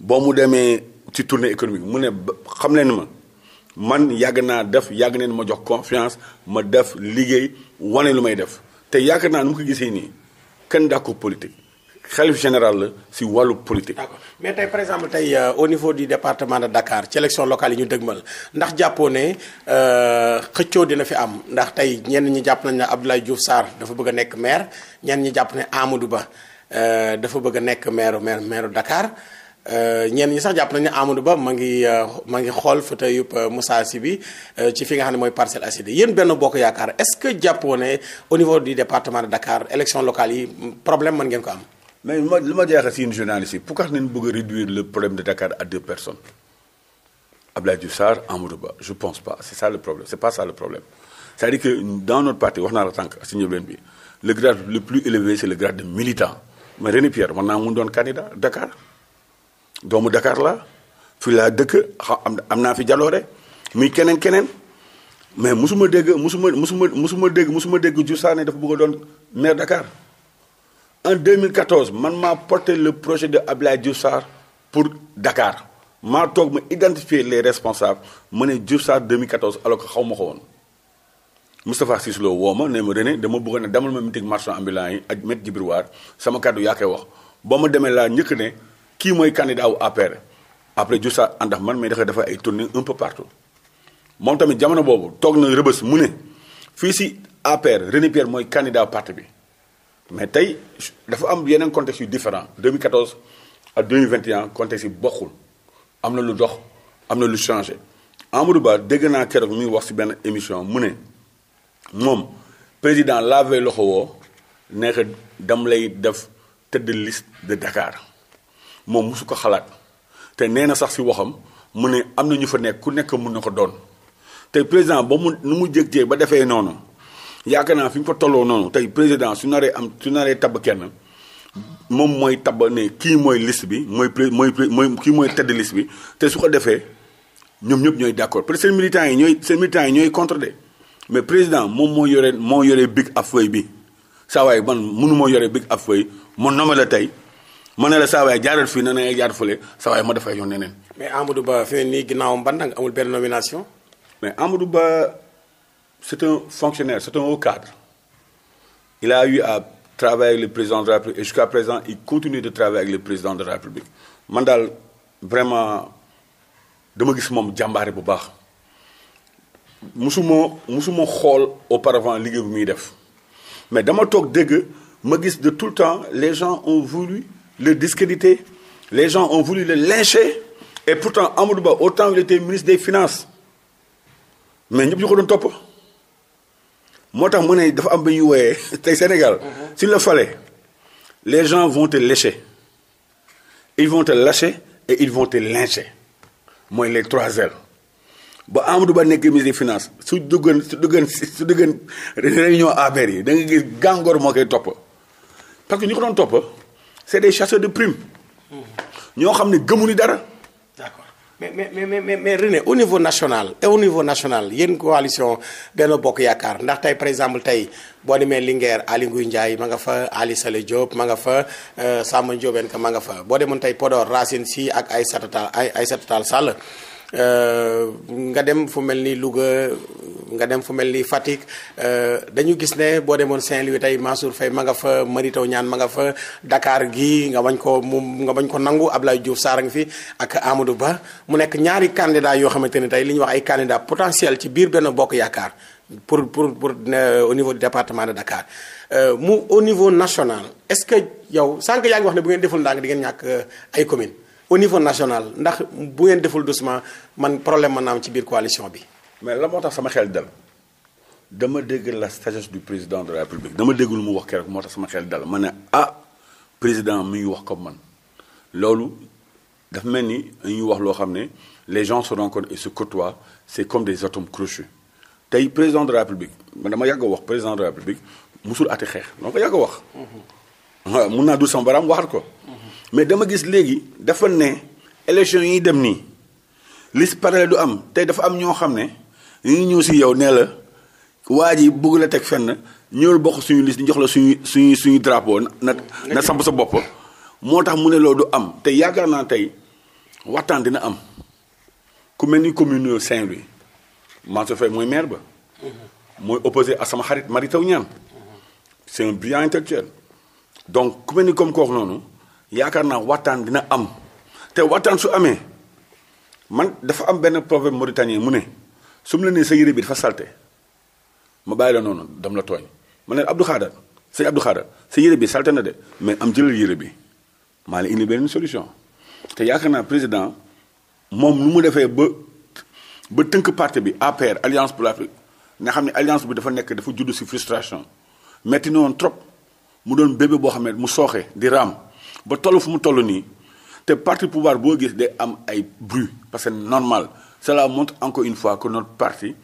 boo mu demee. ci tournée économique mu ne xam ne leen ma man yàgg naa def yàgg neen ma jox confiance ma def liggéey wane lu may def te yaakaar naa nu mu ko gisee nii kenn daa ko politique xalif général la si wàllu politique. d'accord mais tey par exemple tey euh, au niveau du département de Dakar ci élection locale yi ñu dëgmal ndax jàppoo ne euh, xëccoo dina fi am ndax tey ñenn ñi jàpp nañ ne Abdoulaye Diouf saar dafa bëgg a nekk maire ñenn ñi jàpp ne Amadou Ba euh, dafa bëgg a nekk maire maire maire Dakar. Euh, ñenn ñi sax jàpp nañu ne Amadou Ba ma ngi euh, ma ngi xool fa tey yëpp euh, Moussa Sy bi ci fi nga xam ne mooy Parcelles Assainies yéen benn bokk yaakaar est-ce que jàppoo ne au niveau du département de Dakar élection locale yi mm, problème mën ngeen ko am. mais ma li ma jaaxal si une journaliste yi pourquoi nañu bëgg réduire le problème de Dakar à deux personnes Abdoulaye Diouf Sarr Amadou Ba je pense pas c'est ça le problème c'est pas ça le problème c'est-à-dire que dans notre parti wax naa la tànk si njëlbeen bi le grade doomu Dakar la fi laa dëkk xa am naa fi jaloore muy keneen keneen mais musuma dégg musuma musuma musuma dégg musuma dégg Diouf Sané dafa bëgg a doon maire Dakar en 2014 man maa porté le projet de Abdoulaye Diouf Sarr pour dakaar maa toog ma identifier les responsables ma ne Diouf Sarr 2014 alors que xaw ma ko woon Moustapha woo ma ne ma René dama bëgg ne demal ma meeting marchand ambulant yi ak maître Djibril War sama kàddu yaa koy wax boo ma demee laa njëkk ne kii mooy candidat wu APR après Diouf Sarr ànd ak man mais dafa dafa ay tournée un peu partout moom tamit jamono boobu toog na rëbës mu ne fii si APR René Pierre mooy candidat part bi mais tey dafa am yeneen contexte yu différent 2014 ak 2021 contexte yi bokkul am na lu dox am na lu changé Amadou Ba dégg naa keroog mi wax si benn émission mu ne moom président lave loxo woo nekk dam lay def tëdd liste de Dakar moom mosu ko xalaat te nee na sax si waxam mu ne am na ñu fa nekk ku nekk mun na ko doon te président ba mu nu mu jégtee ba defee noonu yaakaar naa fi ñu fa tolloo noonu tey président su naree am su naree tabb kenn moom mooy tabb ne kii mooy list bi mooy pré mooy mooy kii mooy tedd liste bi te su ko defee ñoom ñëpp ñooy d'accord parce que seen militants yi ñooy seen militants yi ñooy contre de mais président moom moo yore moo yore big ab feuille bi saa waaye man mënu moo yore big ab feuille ma la tey man ne la saa waay jaaral fii ne na jaar fële saa ma dafay yoon neneen. mais Amadou Ba fi ne nii ginnaawam ban nag amul benn nomination. mais Amadou Ba c'est un fonctionnaire c'est un haut cadre il a eu à travailler avec le président de la République et jusqu'à présent il continue de travailler avec le président de la République man daal vraiment dama gis moom jàmbaare bu baax musuma musuma xool au auparavant liggéey bu muy def mais dama toog dégg ma gis de tout le temps les gens ont voulu le discréditer. Les gens ont voulu le lyncher. Et pourtant, Amadou Ba, autant il était ministre des Finances. mais ñëpp ñu ko doon topp moo tax mu ne dafa am ba ñu wooyee *laughs* tey Sénégal. Mhm. s'il le fallait les gens vont te lécher ils vont te lâcher et ils vont te lyncher mooy les trois L ba Amadou Ba nekk ministre des finances su duggoon su duggoon su duggoon réunion affaire yi da nga gis gàngoor moo koy topp parce que ñu ko doon topp. c' est des chasseurs de primes. ñoo xam ne gëmuñu dara. d' accord mais mais mais mais mais René au niveau national et au niveau national yéen coalition Benno Bokk Yaakaar ndax tey par exemple tey boo demee Linguère Aly Ngouille Ndiaye ma nga fa Ali Sale Diop ma nga fa euh, Samba Ndiobène Ka ma nga fa boo demoon tey Podor Racine Sy ak Aïssata Tall Aïssata Tall Sall. Euh, nga dem fu mel ni Louga nga dem fu mel ni Fatick euh, dañu gis ne boo demoon Saint-Louis tey Mansour fay ma nga fa Mary Teuw Niane ma nga fa dakaar gi nga wañ ko mu nga bañ ko nangu Abdoulaye Diouf Sarr ngi fi ak Amadou Ba mu nekk ñaari candidat yoo xamante ne tey li ñu wax ay candidat potentiel ci biir benn bokk yaakaar pour pour pour au niveau du de Dakar euh, mu au niveau national est-ce que yow sànq yaa ngi wax ne bu ngeen deful ndànk di ngeen ñàkk ay communes. au niveau national ndax bu ngeen deful doucement man problème mën naa am ci biir coalition bi. mais la moo tax sama xel dal dama dégg la sagesse du président de la république dama dégg lu mu wax keroog moo tax sama xel dal ma ne ah président mi ngi wax comme man loolu dafa mel ni ñu wax loo xam ne les gens se rencontrent et se côtoient c'est comme des atomes crochus tey président de la république man dama yàgg wax président de la république musul ati xeex donc yàgg wax. Mhm. mun naa du sama baram ko. mais dama gis léegi dafa ne élection yi dem nii liste parallèle du am tey dafa am ñoo xam ne ñu ñëw si yow nee la waa ji bugg la teg fenn ñëwul bokk suñu liste jox la suñu suñu suñu drapeau na na samp sa bopp moo tax mu ne loolu du am te yaakaar naa tey waxtaan dina am ku mel ni commune Saint-Louis Mansour Faye mooy maire ba mooy opposé a sama xarit Mary Teuw Niane c'est un brillant donc ku mel ni comme kooku noonu yaakaar naa waxtaan dina am te waxtaan su amee man dafa am benn proverbe mauritanien mu ne su mu la nee sa yére bi dafa salte ma bàyyi la noonu dam la tooñ ma ne Abdou Khadar sëñ Abdou Khadar sa yére bi salte na de mais am jëlal yére bi maa la indi benn solution te yaakaar naa président moom nu mu defee ba ba tënk parti bi APR alliance pour l'Afrique nga xam ne alliance bi dafa nekk dafa judd si frustration metti na woon trop mu doon bébé boo xam ne mu sooxe di raam ba toll fu mu toll nii te parti pouvoir boo gis de am ay bruit parce que normal cela montre encore une fois que notre parti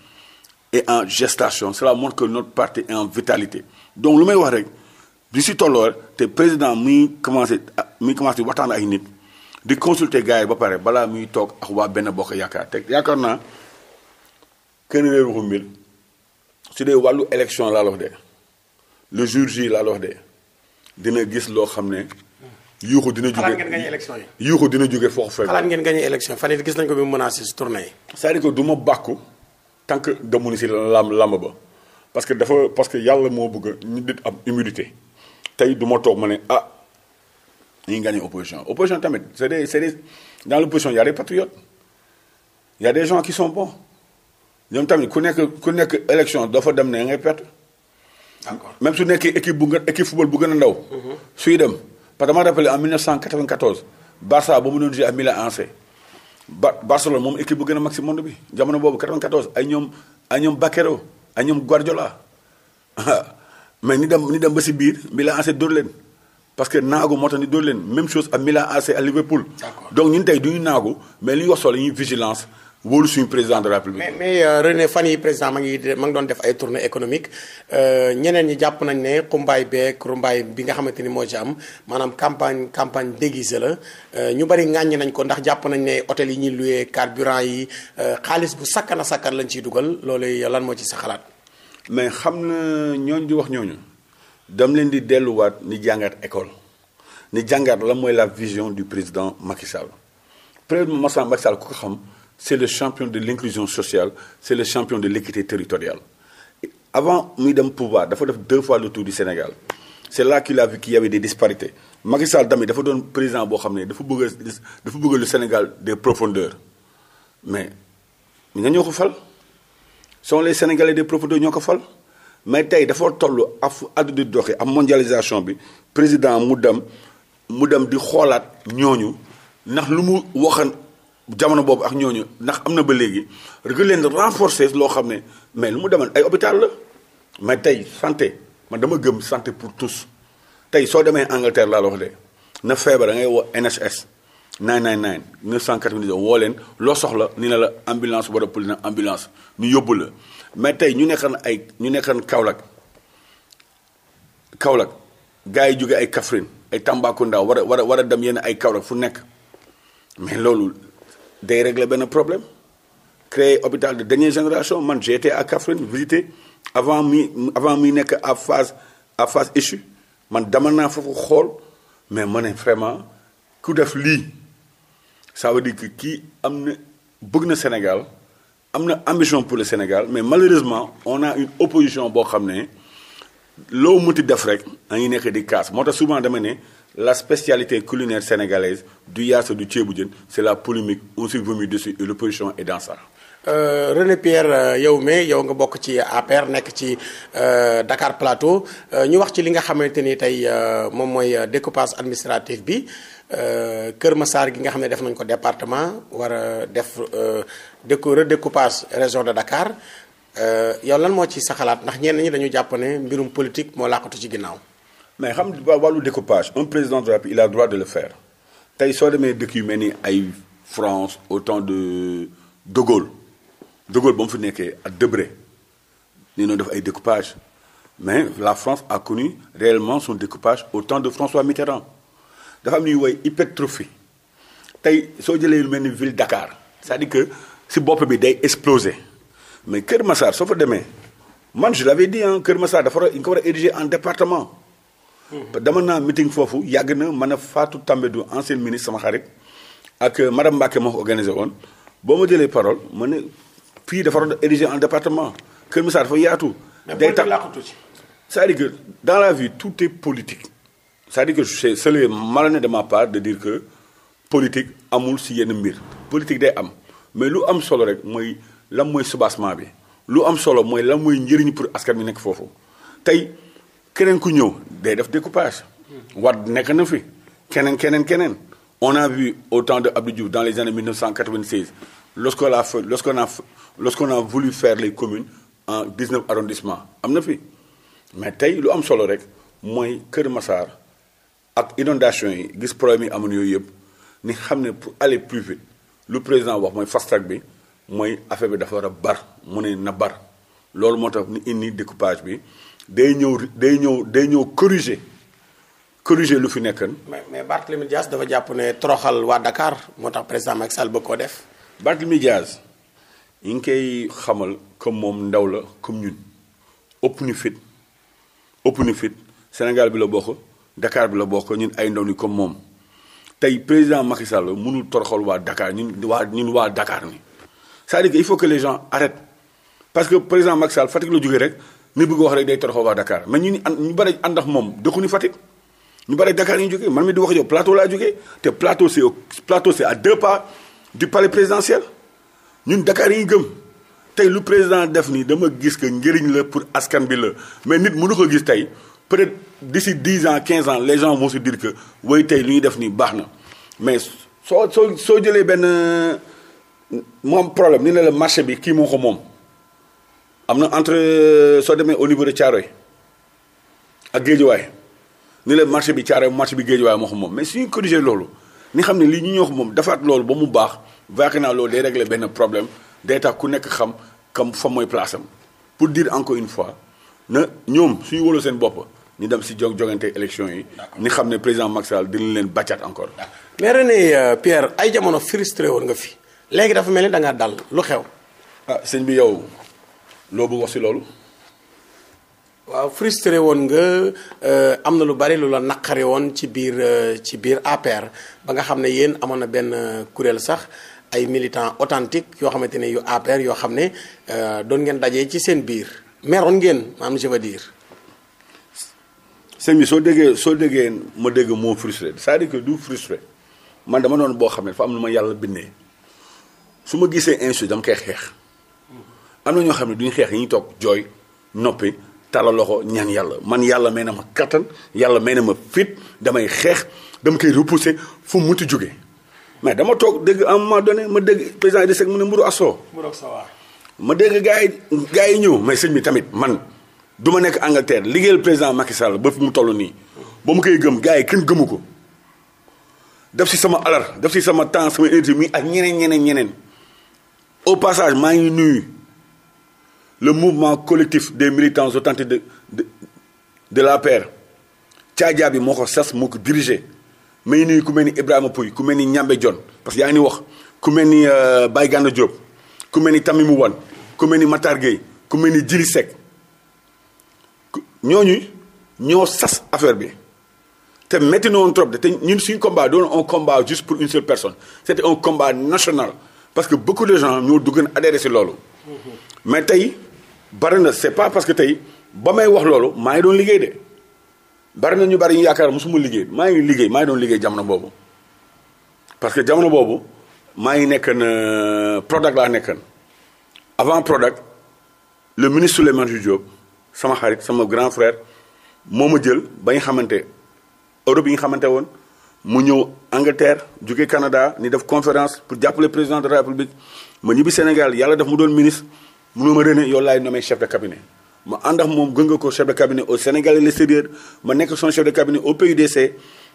est en gestation cela montre que notre parti est en vitalité donc lu may wax rek bi si tolloo te président muy commencé muy commencé waxtaan ay nit di consulter gars yi ba pare balaa muy toog ak waa benn bokk yaakaar te yaakaar naa kenn réeru ko mbir su dee wàllu élection laa la wax de le jour ji laa la de dina gis loo xam ne yuuxu dina jóge yi. yuuxu dina jóge foofu feebar. xalaat ngeen gagné élection fan yii gis nañ ko bi mu menacé si tournée yi. c'est-à-dire que du ma bàkku tant que demuñu si làmb ba parce que dafa parce que yàlla moo bëgg nit di am humilité tey du ma toog ma ne ah ñu ngi gagné opposition opposition tamit c'est des c'est des dans l'opposition y a des patriotes des gens qui sont bons ñoom tamit ku nekk ku nekk élection dafa dem ne ngay perte. d'accord même su nekkee équipe bu nga équipe football bu gën a ndaw. Mhm. suy dem. parce que dama rappelé en 1994 Barça ba mu doon joué ak Milan AC ba Barcelone moom équipe bu gën a mag si monde bi jamono boobu 94 ay ñoom ay ñoom Baquero ay ñoom Guardiola *laughs* mais ñu dem ñu dem ba si biir Milan AC dóor leen parce que naagu moo tax ñu dóor leen même chose a Milan AC ak Liverpool. donc ñun tey du ñu naagu mais li ñu wax solo la ñuy vigilance. wóolu suñu président de la République. mais mais euh, René fan yi président ma ngi ma ngi doon def ay tournée économique euh, ñeneen ñi jàpp nañ ne xumbaay beeg rumbaay bi nga xamante ni moo ci am maanaam campagne campagne déguisée la euh, ñu bari ŋàññi nañ ko ndax jàpp nañ ne hôtel yi ñuy loué carburant yi euh, xaalis bu sakkan a sakkan lañ ciy dugal loolu lan moo ci sa xalaat. mais xam na ñooñ di wax ñooñu dam leen di delluwaat ni jàngat école ni jàngat la mooy la vision du président Macky Sall président Macky Sall ku ko xam. c'est le champion de l'inclusion sociale c'est le champion de l'équité territoriale avant muy dem pouvoir dafa def deux fois le tour du Sénégal c'est la qu'il a vu qu'il y avait des disparités Macky dafa doon président boo xam ne dafa bëgg dafa bëgg le Sénégal des profondeurs mais ñoo ñoo ko fal sont les Sénégalais des profondeurs ñoo ko fal mais tey dafa toll ak fu àdduna di doxee ak mondialisation bi président mu dem mu dem di xoolaat ñooñu ndax lu mu waxan jamono boobu ak ñooñu ndax am na ba léegi rek leen renforcer loo xam ne mais lu mu demoon ay hôpital la mais tey santé man dama gëm santé pour tous tey soo demee Angleterre laa la wax de na feebar da ngay woo NHS 999 990 woo leen loo soxla ni na la ambulance wara a pul na ambulance ñu yóbbu la mais tey ñu nekkan ay ñu nekkan Kaolack Kaolack gars yi jóge ay Kaffrine ay Tambacounda war a war a war a dem yenn ay Kaolack fu nekk mais loolu day régler benn problème créer hôpital de dernière génération man j'étais à Kaffrine visité avant mi avant muy nekk à phase à phase échue man dama naa foofu xool mais ma ne vraiment ku def lii ça veut dire que kii am na bëgg na Sénégal am na ambition pour le Sénégal mais malheureusement on a une opposition boo xam ne loo mënti def rek ngi nekk di casse moo tax souvent dama ne. la spécialité culinaire sénégalaise du yaasa du ceebu jën c'est la polémique on se vomit dessus et l'opposition est dans ça. Euh, René Pierre euh, yow me yow nga bokk ci APR nekk ci euh, Dakar Plateau euh, ñu wax ci li nga xamante ni tey moom mooy découpage administratif bi Kër Massar gi nga xam ne def nañ ko département war a def déco redécoupage région de Dakar yow lan moo ci sa xalaat ndax ñenn ñi dañu jàpp ne mbirum politique moo làqatu ci ginnaaw. mais xam wàllu découpage un président de la République il a droit de le faire tey soo demee dëkk yu mel ni ay France au temps de de Gaulle de Gaulle fi nekkee ak Debré ni noonu def ay découpage mais la France a connu réellement son découpage au temps de François Mitterrand dafa am ñuy woy hypertrophie tey soo jëlee lu mel ni ville Dakar c'est-à-dire que si bopp bi day exploser mais Kër Massar soo fa demee man je l'avais dit ah Kër Massar dafa war a ñu en département dama naa meeting foofu yàgg na man a Fatou Tambédou ancienne ministre sama xarit ak euh, madame Mbacke moo ko organisé woon boo ma jëlee parole ma ne fii dafa doon en département Kër Moussa dafa yaatu. day tax c'est-à-dire que dans la vie tout est politique c'est-à-dire que c'est c'est malhonnête de ma part de dire que politique amul si yenn mbir politique day am mais lu am solo rek mooy lan mooy soubassement bi lu am solo mooy lan mooy njëriñ pour askan bi nekk foofu tey. keneen ku ñëw day def découpage. Wade nekk na fi keneen keneen keneen. on a vu au temps de Abdou Diouf dans les années 1996 lorsqu'on a fait lorsqu'on a lorsqu'on a voulu faire les communes en 19 arrondissements am na fi mais tey lu am solo rek mooy Kër Massar ak inondation yi gis problème yi amoon yooyu yëpp ni xam ne pour aller plus vite lu président wax mooy fast bi mooy affaire bi dafa war a mu ne na bar loolu moo tax ni indi découpage bi day ñëw day ñëw day ñëw corriger corriger lu fi nekkan. mais mais Barthélemy Dias dafa jàpp ne toroxal waa dakaar moo tax président Macky Sall koo def. Barthélemy Dias ñu ngi koy xamal comme moom ndaw la comme ñun ëpp ñu fit ëpp ñu fit Sénégal bi la bokk Dakar bi la bokk ñun ay ndaw ni comme moom tey président Macky munu mënul toroxal waa Dakar ñun waa ñun waa Dakar ni c'est-à-dire il faut que les gens arrêtent parce que président Macky Sall Fatick la jógee rek. mi bëgg wax rek day toroxoo waa Dakar mais ñu ni an ñu bëri ànd ak moom dëkku ni Fatick ñu bëri Dakar ñu jógee man mi di wax yow plateau laa jógee te plateau c'est plateau c'est à deux pas du palais présidentiel ñun Dakar yi gëm tey lu président def nii dama gis que njëriñ la pour askan bi la mais nit mënu ko gis tey peut-être d'ici dix ans quinze ans les gens vont se dire que way tey lu ñuy def nii baax na mais soo soo soo jëlee benn euh, moom problème ni ne la marché bi kii moo ko moom am na entre euh, soo demee au niveau de Thiaroye ak géejuwaay ni leen marché bi Thiaroye marché bi Géejawaay moo xam moom mais suñu corriger loolu ni xam ne lii ñu ñoo xam moom dafaat loolu ba mu baax vaaqe naa loolu day régler benn problème day tax ku nekk xam kam fa mooy place am pour diir encore une fois na ñoom suñu wolo seen bopp ñu dem si jog jogante élection yi ni xam ne président Macky Sall dina leen bàccaat encore mais René euh, Pierre ay jamono frustré woon nga fi léegi dafa mel ni da dal lu xew ah, sëñ bi yow loo bëgg wax si loolu. waaw frustré woon nga euh, am na lu bari lu la naqari woon ci biir euh, ci biir APR ba nga xam ne yéen amoon na benn euh, kuréel sax ay militants authentiques yoo xamante ne yu APR yoo xam ne doon ngeen dajee ci seen biir meroon ngeen maanaam je veux dire. sëñ bi soo déggee soo déggee ma dégg moo frustré c'est-à-dire du frustré man dama noonu boo xam ne dafa am lu ma yàlla bindee su ma gisee insulte dama koy xeex. am na ñoo xam ne duñu xeex yi ñu toog jooy noppi tala loxo ñaan yàlla man yàlla may na ma kattan yàlla may na ma fit damay xeex dama koy repousser fu mu munti jóge mais dama toog dégg à un moment donné ma dégg président Idrissa Seck mu ne mburu asoo ma dégg gars yi gars yi ñëw may sëñ bi tamit man du ma nekk Angleterre liggéeyal président Macky Sall ba fi mu toll nii ba mu koy gëm gars yi kenn gëmu ko def si sama alal def si sama temps sama énergie mi ak ñeneen ñeneen ñeneen au passage maa ngi nuyu le mouvement collectif des militants authentiques de de de l'APR caajaab bi moo ko sas moo ko dirigé may nuyu ku mel ni Ibrahima Pouy ku mel ni Ñambe John parce que yaa ngi ni wax ku mel ni euh, Baye Gana Diop ku mel ni Tamimu Wan ku mel ni Matar ku mel ni Djili Seck ñooñu ñoo sas affaire bi te métti na woon trop te ñun suñ combat doon un combat juste pour une seule personne c'était un combat national parce que beaucoup de gens ñoo dugg adhéré si loolu mm-hmm. bari na c'est pas parce que tey ba may wax loolu maa ngi doon liggéey de bari na ñu bari ñu yaakaar musuma liggéey maa liggéey maa ngi doon liggéey jamono boobu parce que jamono boobu maa ngi nekkoon Prodac laa nekkoon avant Prodac le ministre Souleymane Diop sama xarit sama grand frère moo ma jël ba ñu xamante Europe yi nga xamante woon mu ñëw Angleterre jóge Canada ni def conférence pour jàppale président de la République ma ñibbi Sénégal yàlla def mu doon ministre. mënoo ma René yow laay nommé chef de cabinet ma ànd ak moom gënga ko chef de cabinet au Sénégal et l'extérieur ma nekk son chef de cabinet au PUDC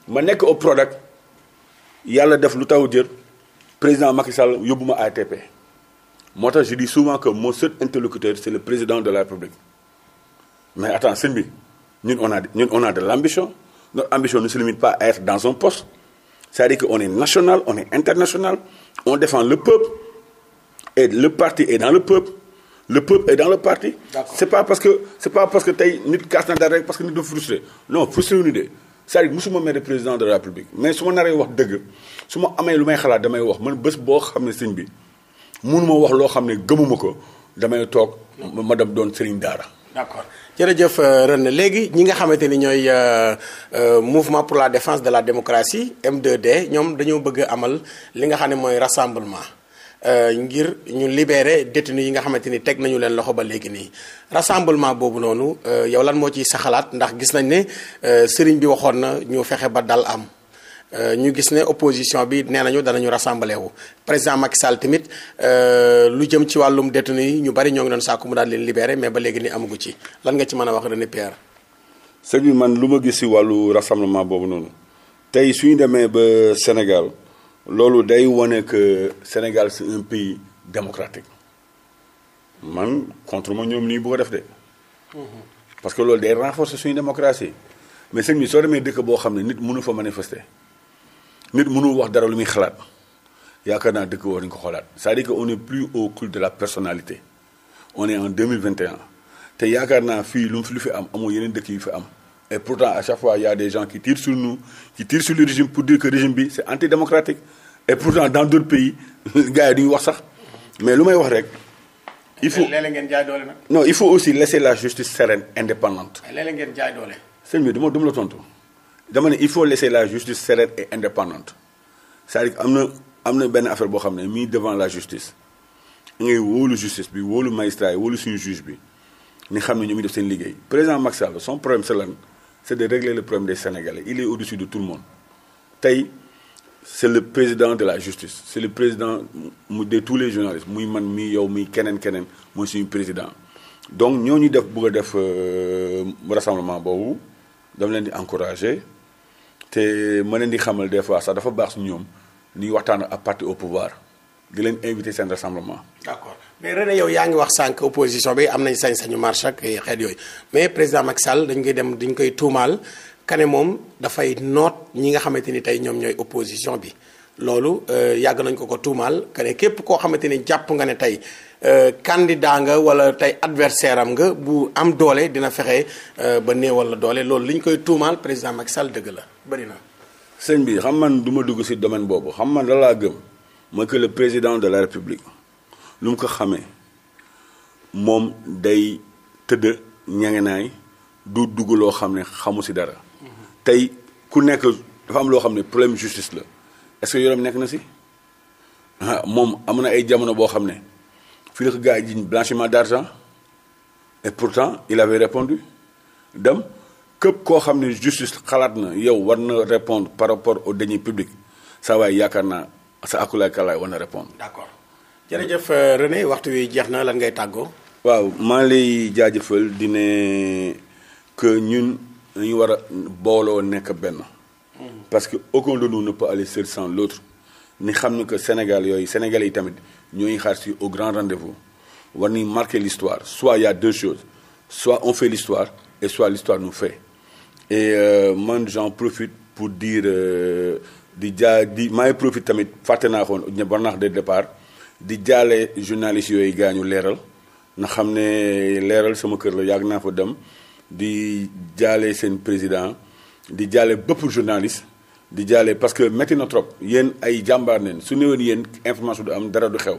ma nekk au PRODAC yàlla def lu taw jër président Macky Sall yóbbu ma ATP moo tax je dis souvent que mon seul interlocuteur c'est le président de la République mais attends sëñ ñun on a ñun on a de l'ambition notre ambition ne se limite pas à être dans un poste c'est-à-dire que on est national on est international on défend le peuple et parti est dans le le peuple dans le parti. c'est pas parce que c'est pas parce que tey nit kaas na dara rek parce que nit dafa frustré non frustré wu ñu de c'est-à-dire musuma mere président de la république mais su ma naree wax dëgg su ma amee lu may xalaat damay wax man bés boo xam ne sëñ bi mënuma wax loo xam ne gëmuma ko damay toog ma dem doon sëriñ daara. d'accord jërëjëf euh, René léegi ñi nga xamante ni ñooy euh, euh, mouvement pour la défense de la démocratie m 2 ñoom dañoo bëgg amal li nga xam ne mooy rassemblement. Euh, ngir ñu libeere détenus yi nga xamante ni teg nañu leen loxo ba léegi nii rassemblement boobu noonu euh, yow lan moo ciy sa xalaat ndax gis nañ ne euh, sëriñ bi waxoon na ñu fexe ba dal am ñu gis ne opposition bi nee nañu danañu rassemblé wu président Macky Sall tamit lu jëm ci wàllum détenu yi ñu bari ñoo ngi doon sàkku mu daal leen libéré mais ba léegi ni amagu ci lan nga ci mën a wax René Pierre. sëñ bi man lu ma gis si wàllu rassemblement boobu noonu tey suñu demee ba Sénégal. loolu day wane que Sénégal c'est un pays démocratique man contre ma ñoom nii bu ko def de. parce que loolu day renforcer suñu démocratie mais sëñ bi soo demee dëkk boo xam ne nit mënu fa manifester nit mënul wax dara lu muy xalaat yaakaar naa dëkk war nañu ko xoolaat c'est-à-dire que on est plus au culte de la personnalité on est en 2021 te yaakaar naa fii lu mu fi lu fi am amul yeneen dëkk yi fi am. Et pourtant, à chaque fois, il y a des gens qui tirent sur nous, qui tirent sur le régime pour dire que le régime, c'est antidémocratique. Et pourtant, dans d'autres pays, *laughs* gars, ils disent ça. Mais le meilleur règle, il faut... Non, il faut aussi laisser la justice sereine, indépendante. C'est mieux, dama dama la tontu dama ne il faut laisser la justice sereine et indépendante c'est-à-dire am na am na benn affaire boo xam ne mii devant la justice ngay wóolu justice bi wóolu magistrat yi wóolu suñu juge bi ni xam ni ñu ngi def seen liggéey président Macky Sall son problème c'est lan c'est de régler le problème des Sénégalais il est au-dessus de tout le monde tey c'est le président de la justice c'est le président mu de tous les journalistes muy man mi yow mi keneen keneen mooy suñu président donc ñu def bëgg a def euh, rassemblement boobu dama leen di encourager te ma leen di xamal des fois sax dafa baax su ñoom ñuy waxtaan ak partie au pouvoir di leen inviter seen rassemblement d'accord mais René yow yaa ngi wax sànq opposition bi am nañ sañ-sañu marche xeet yooyu mais président Macky Sall dañ koy dem dañ koy tuumaal kane moom dafay noot ñi nga xamante ni tey ñoom ñooy opposition bi loolu euh, yàgg nañ ko ko tuumaal kane képp koo xamante ni jàpp nga ne tey euh, candidat nga wala tey adversaire am nga bu am doole dina fexe euh, ba néewal la doole loolu li ñu koy tuumaal président Macky Sall dëgg la bari na. sëñ bi xam man du ma dugg si domaine boobu xam man la laa gëm mooy président de la république. lu mu ko xamee moom day tëdd ñangenaay du dugg loo xam ne xamu si dara. tey ku nekk dafa am loo xam ne problème justice la est-ce que yoram nekk na si ah, moom am na ay jamono boo xam ne fii la ko gars yi jiñ blanchiment d'argent et pourtant il avait répondu dem képp koo xam ne justice xalaat na yow war na répondre par rapport aux deniers publics saa waay yaakaar naa sa akulaay kalaay war na répondre d'accord jërëjëf euh, René waxtu wi jeex na lan ngay tàggoo. waaw maa lay jaajëfal di ne ñun dañu war a booloo nekk benn. Mm-hmm. parce que aucun de nous ne peut aller seul ni xam ni que Sénégal yooyu sénégal yi tamit ñooy xaar si au grand rendez-vous war ni marquer l'histoire soit il y deux choses soit on fait l'histoire et soit l'histoire nous fait et euh, man j'en profite pour dire euh, di jaa di maa ngi profite tamit fàtte naa xoon ña war naa de départ. di jaale journaliste yooyu gaañu leeral na xam ne leeral sama kër la yàgg naa fa dem di jaale seen président di jaale bëpp journaliste di jaale parce que métti na trop yéen ay jàmbaar neen su néewoon yéen information du am dara du xew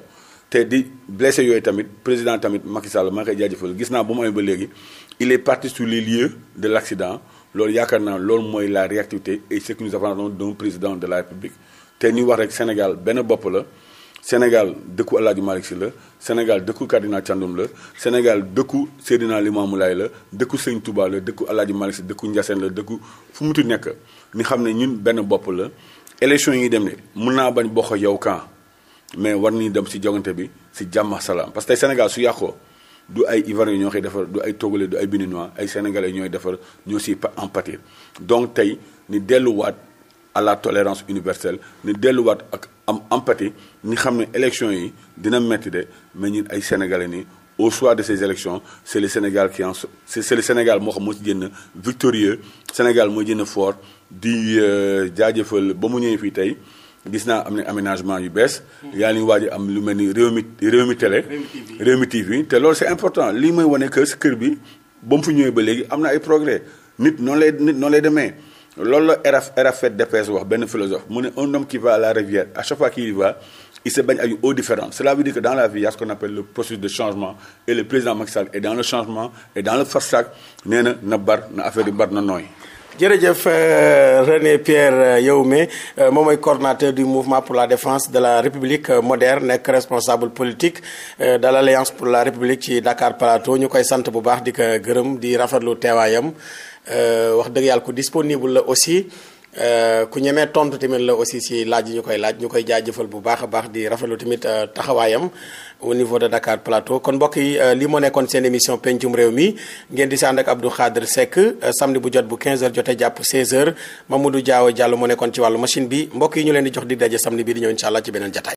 te di blessé yooyu tamit président tamit Macky Sall maa ngi koy jaajëfal gis naa bu mu amee ba léegi il est parti sur les de l' accident loolu yaakaar naa loolu mooy la réactivité et ce que nous président de la République te ñu wax rek Sénégal benn bopp la Sénégal dëkku El Hadj Malick Sy la Sénégal dëkku Cardinal Thiandoum la Sénégal dëkku Seydina Limamou Laye la dëkku Sëñ Touba la dëkku El Hadj Malick Sy dëkku Ndiassane la dëkku fu mutu nekk ni xam ne ñun benn bopp la élection yi dem ne mun naa bañ bokk yow camp mais war nañu dem si jogante bi si jàmm salaam parce que Sénégal su yàqoo du ay Ivoiriens ñoo koy defar du ay Togolais du ay Béninois ay Sénégalais ñooy defar ñoo si en pâtir donc tey ni delluwaat. à la tolérance universelle ni delluwaat ak am empathie ni xam ne élection yi dina metti de mais ñun ay sénégalais ni au soir de ces élections c' est le Sénégal qui en c' est le Sénégal moo xam moo ci génn victorieux Sénégal moo jënn fort di euh, jaajëfal ba mu ñëwee fii tey gis naa am ne aménagement yu bees. yaa ngi waaj am lu mel ni réew mi réew mi télé. réew mi TV te loolu c' important lii mooy wane que si kër bi ba mu fi ñëwee ba léegi am na ay progrès nit noonu lay nit noonu lay demee. loolu la Eraf Erafet Depaze wax benn philosophe mu ne un homme qui va à la rivière à chaque fois qu'il va il se baigne à une eau cela veut dire que dans la vie il y a ce qu'on appelle le processus de changement et le président Macky Sall est dans le changement et dans le fast track nee na na bar na affaire yi bar na nooy. jërëjëf euh, René Pierre euh, Yahoume euh, moom mooy coordonnateur du mouvement pour la défense de la République moderne nekk responsable politique de l'Alliance pour la République ci Dakar Plateau ñu koy sant bu baax di ko gërëm di rafetlu teewaayam. Euh, wax dëgg yàlla ku disponible la aussi euh, ku ñemee tontu tamit la aussi si laaj yi ñu koy laaj ñu koy jaajëfal bu baax a baax di rafetlu tamit euh, taxawaayam au niveau de Dakar Plateau kon mbokk yi li moo nekkoon seen émission pencum réew mi ngeen di si ànd ak Abdou Khadre Seck samedi bu jot bu 15h jotee jàpp 16h Mamadou Diaw Diallo moo nekkoon ci wàllu machine bi mbokk yi ñu leen di jox dig daje samedi bi di ñëw incha allah ci beneen jataay